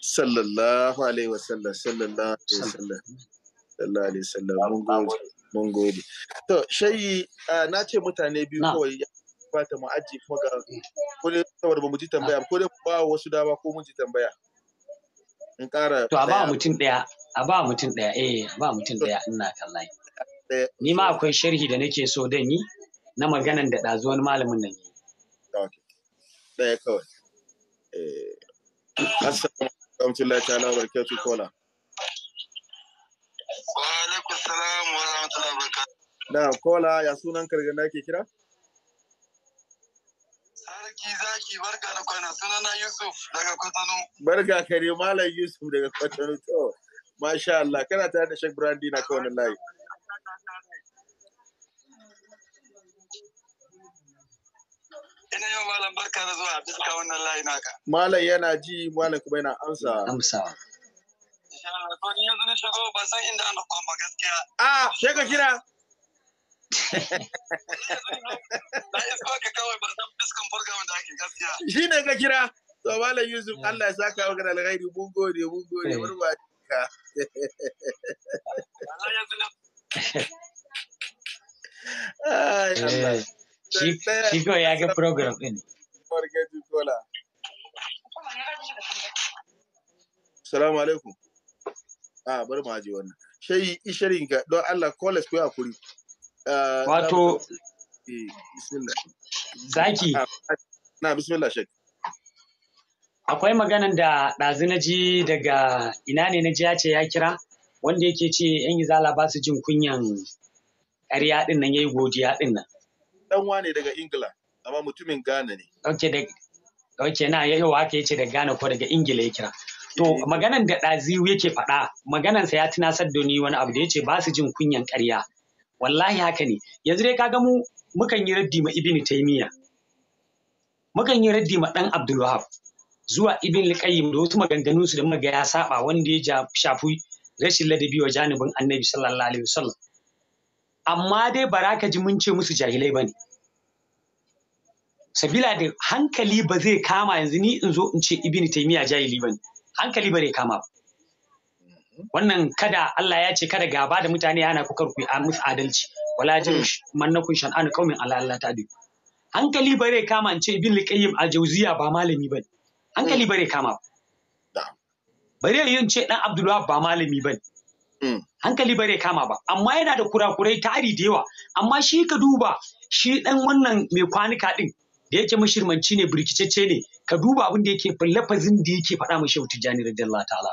A: sallallahu alaihi wasallam sallallahu alaihi wasallam sallallahu alaihi wasallam mun gode mun gode to shayi na ce mutane biyu kawai ya fata mu aji kuma ga kullum saboda ba mu ji tambaya ko dai ba wasu dama ko mun ji tambaya
B: in ƙara to a ba mutum ɗaya a ba mutum ɗaya eh a ba mutum ɗaya ina kallai ni ma akwai sharhi da nake so dan yi na maganan da ɗazu wani malamin nan yi
A: ɗaya kawai eh, assalamu alaikum tun lafiya wa ta'ala barkatu kola wa alaikum salam wa rahmatullahi wa barakatuh na kola ya sunan kargan da ke kira
B: sarki zaki barka da kwana sunan na yusuf daga kwatano
A: barka kare malam yusuf daga kwatano to masha Allah kana tare da Sheikh Brandi na kawai layi Ina yau malam barka da zuwa duka wannan layi naka. Malam yana ji malam kuma yana amsa. Amsa. To ni yanzu ni shigo ban san inda gaskiya. Ah, sai ka kira.
C: Na isko ka kawai ban san fiskan furga
A: wanda ake gaskiya. Shi ne ka kira. To malam Yusuf Allah ya saka wa da alkhairi mun gode mun gode barba Allah ya zuna. Allah.
B: Eh. shi program
A: alaikum. A ah, bari wannan. Shai ka don Allah kola hakuri. Ah, Wato. Eh,
B: Zaki. Ah, na bismillah shek. Akwai maganan da ɗazu na ji daga ina ne na jiya ce ya kira wanda yake ce 'yan izala ba su jin kunyan ƙarya ɗin nan ya yi godiya ɗin nan.
A: ɗanwa ne daga Ingila, amma mutumin Ghana
B: ne. Ok, da ya na wa haka yace da Ghana ko daga Ingila ya kira. To eh. maganan da ɗaziyu yake faɗa, maganansa ya tunasar da ni wani abu da yace ba su jin kunyan ƙarya. Wallahi haka ne. Yanzu dai kaga mu mukan yi raddi ma Ibn Taymiyyah. Mukan yi raddi ma ɗan Abdul Zuwa Ibin liƙayyim da wasu maganganunsu da muka ga ya saba wanda ya shafi rashin ladabi wa janibin Annabi sallallahu alaihi wasallam. amma dai ba za ka ji mun ce musu jahilai ba ne sabila da hankali ba zai kama yanzu ni in zo in ce ibn taymiya jahili ba ne hankali ba zai kama ba wannan kada Allah ya ce kada gaba da mutane yana ku karku a musu adalci wala ji mannakun shan'anu qaumin ala Allah ta hankali ba zai kama in ce ibn al a al ba malami ba ne hankali ba zai kama ba bare in ce ɗan Abdullahi ba malami ba ne Mm. hankali ba zai kama ba amma yana da kurakurai tari da yawa amma shi ka duba shi dan wannan mai kwanuka din da yake mashirmanci ne birkicecce ne ka duba abin da yake lafazin da yake faɗa mashi shehu jani radiyallahu ta'ala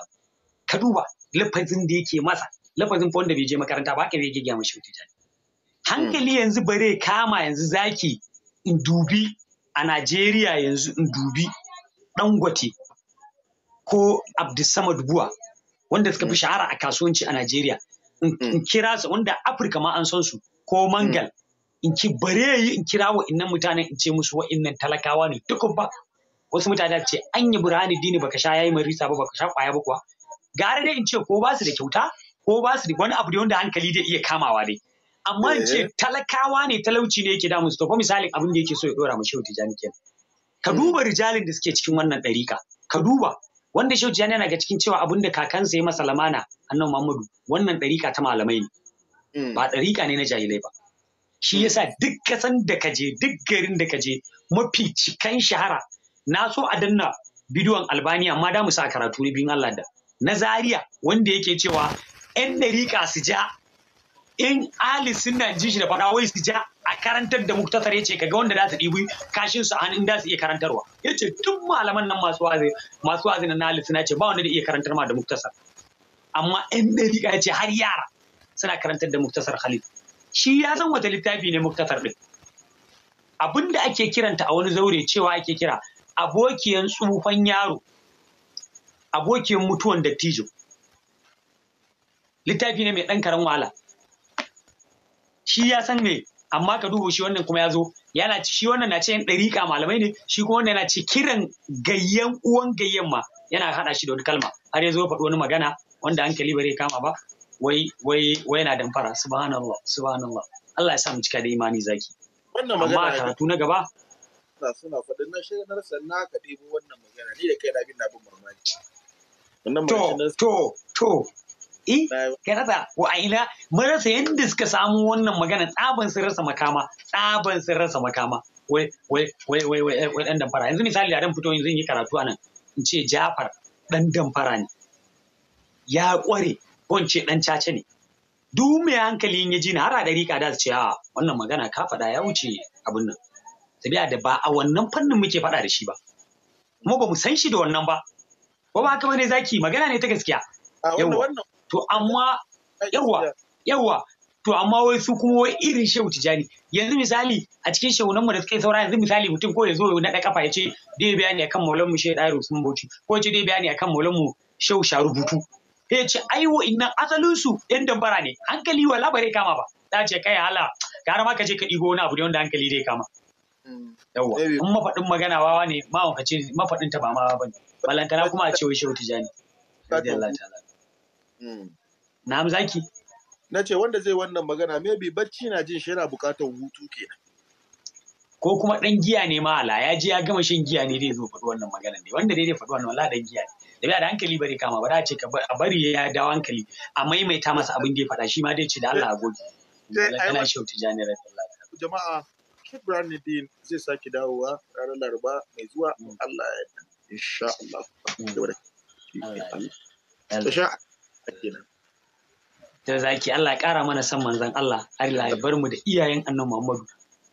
B: ka duba lafazin da yake masa lafazin fa wanda bai je makaranta ba haka bai gaya mashi shehu jani hankali mm. yanzu zai kama yanzu zaki
C: in dubi
B: a Najeriya yanzu in dubi Dangote ko Abdulsamad Buwa wanda suka fi mm. shahara a kasuwanci a Najeriya mm. in kira su wanda Afirka ma an san su ko mm. mangal in ki bare yi in kira innan mutanen in ce musu wa'innan talakawa ne dukkan ba wasu mutane ce an yi burhani dini baka sha yayi marisa ba baka sha kwaya ba kuwa gara dai in ce ko ba su da kyauta ko ba su da wani abu da wanda hankali zai iya kamawa dai amma in ce eh. talakawa ne talauci ne yake damu su to fa misalin abin da yake so ya dora mashi tijani kenan ka duba rijalin da suke cikin wannan ɗarika ka duba wanda shehu jani yana ga cikin cewa abin da kakansa ya masa lamana annabi muhammadu wannan ɗariƙa ta malamai ne hmm. ba ɗariƙa ne na jahilai ba shi yasa hmm. duk kasan da ka je duk garin da ka je mafi cikan shahara na so a danna bidiyon albaniya amma da mu sa karatu ne bin allah da na zaria wanda yake cewa 'yan ɗariƙa su ja in ali suna jin shi da faɗa wai su ja a karantar da muktasar ya ce kaga wanda za su ɗibi kashin su a inda za su iya karantarwa ya ce duk malaman nan masu wazi masu wazi na ali suna ce ba wanda da iya karantar ma da muktasar amma ɗan ɗari ka ce har yara suna karantar da muktasar halin shi ya san wata littafi ne muktasar ɗin Abinda da ake kiranta a wani zaure cewa ake kira abokiyan tsufan yaro abokiyan mutuwan dattijo littafi ne mai ɗan karan wahala shi ya san me amma ka duba shi wannan kuma ya zo yana ci shi wannan na ce yan ɗariƙa malamai ne shi kuma wannan yana ci kiran gayyan uwan gayyan ma yana haɗa shi da wani kalma har ya zo faɗi wani magana wanda hankali ba zai kama ba wai wai wai yana damfara subhanallah subhanallah Allah ya sa mu cika da imani zaki wannan magana amma karatu na gaba
A: na suna faɗin na shirin na rasa na ka ɗebo wannan magana ni da kai na bin na bin mamaki
B: to to to eh ka rasa wa ina marasa yadda suka samu wannan magana tsaban sun rasa makama tsaban sun rasa makama wai wai wai wai wai damfara yanzu misali da dan fito yanzu yi karatu anan in ce Jafar ɗan damfara ne ya ƙware, ko in ce ɗan caca ne duk mai hankali in ya ji ni har a ɗari ka da su ce a wannan magana ka faɗa ya wuce abin nan tabiya da ba a wannan fannin muke faɗa da shi ba kuma ba mu san shi da wannan ba ko ba haka bane zaki magana ne ta gaskiya wannan to amma yawa yawa to amma wai su kuma wai irin shehu tijani yanzu misali a cikin mu da suka yi saura yanzu misali mutum ko yanzu na da kafa ya ce dai bayani akan maulan mu shehu ɗayar sun bauchi ko ya ce dai bayani akan maulan mu shehu sharubutu sai ya ce wa wa'innan asalin su ɗan dambara ne hankali wala bare kama ba ta ce kai hala gara ma ka je ka digo wani abu ne wanda hankali zai kama yawwa in mafaɗin magana wawa ne ma mafaɗin ta ba ma ba ne balantana kuma a ce wai shehu tijani radiyallahu ta'ala Mm. Na zaki.
A: Na ce wanda zai wannan magana maybe bacci na jin shi yana bukatar hutu ke.
B: Ko kuma ɗan giya ne ma ala ya ji ya gama shan giya ne dai zo faɗi wannan magana ne wanda dai zai faɗi wannan wala ɗan giya ne. Da da hankali bari kama ba da ce ka bari ya dawo hankali a maimaita masa abin da ya faɗa shi ma dai ce da Allah a goge. Kana shautu jani
A: Jama'a Kid Brandon zai sake dawowa ranar Laraba mai zuwa mm. Allah ya insha Allah. Mm. Allah.
B: da zaki Allah ya kara mana san manzon Allah Allah ya bar mu da iyayen annabi Muhammadu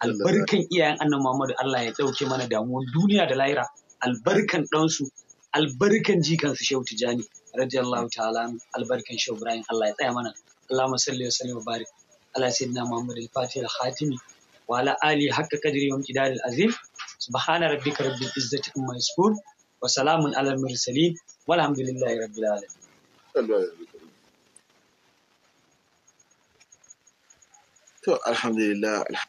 B: albarkan iyayen annabi Muhammadu Allah ya dauke mana damuwar duniya da lahira albarkan ɗansu albarkan jikansu Shehu Tijani radiyallahu ta'ala albarkan Shehu Ibrahim Allah ya tsaya mana Allahumma salli wa sallim wa barik ala sayyidina Muhammad al-Fatih al-Khatimi wa ala ali hakka kadri wa miqdar al-azim subhana rabbika rabbil izzati amma yasifun wa salamun ala al-mursalin walhamdulillahi rabbil
A: alamin الحمد لله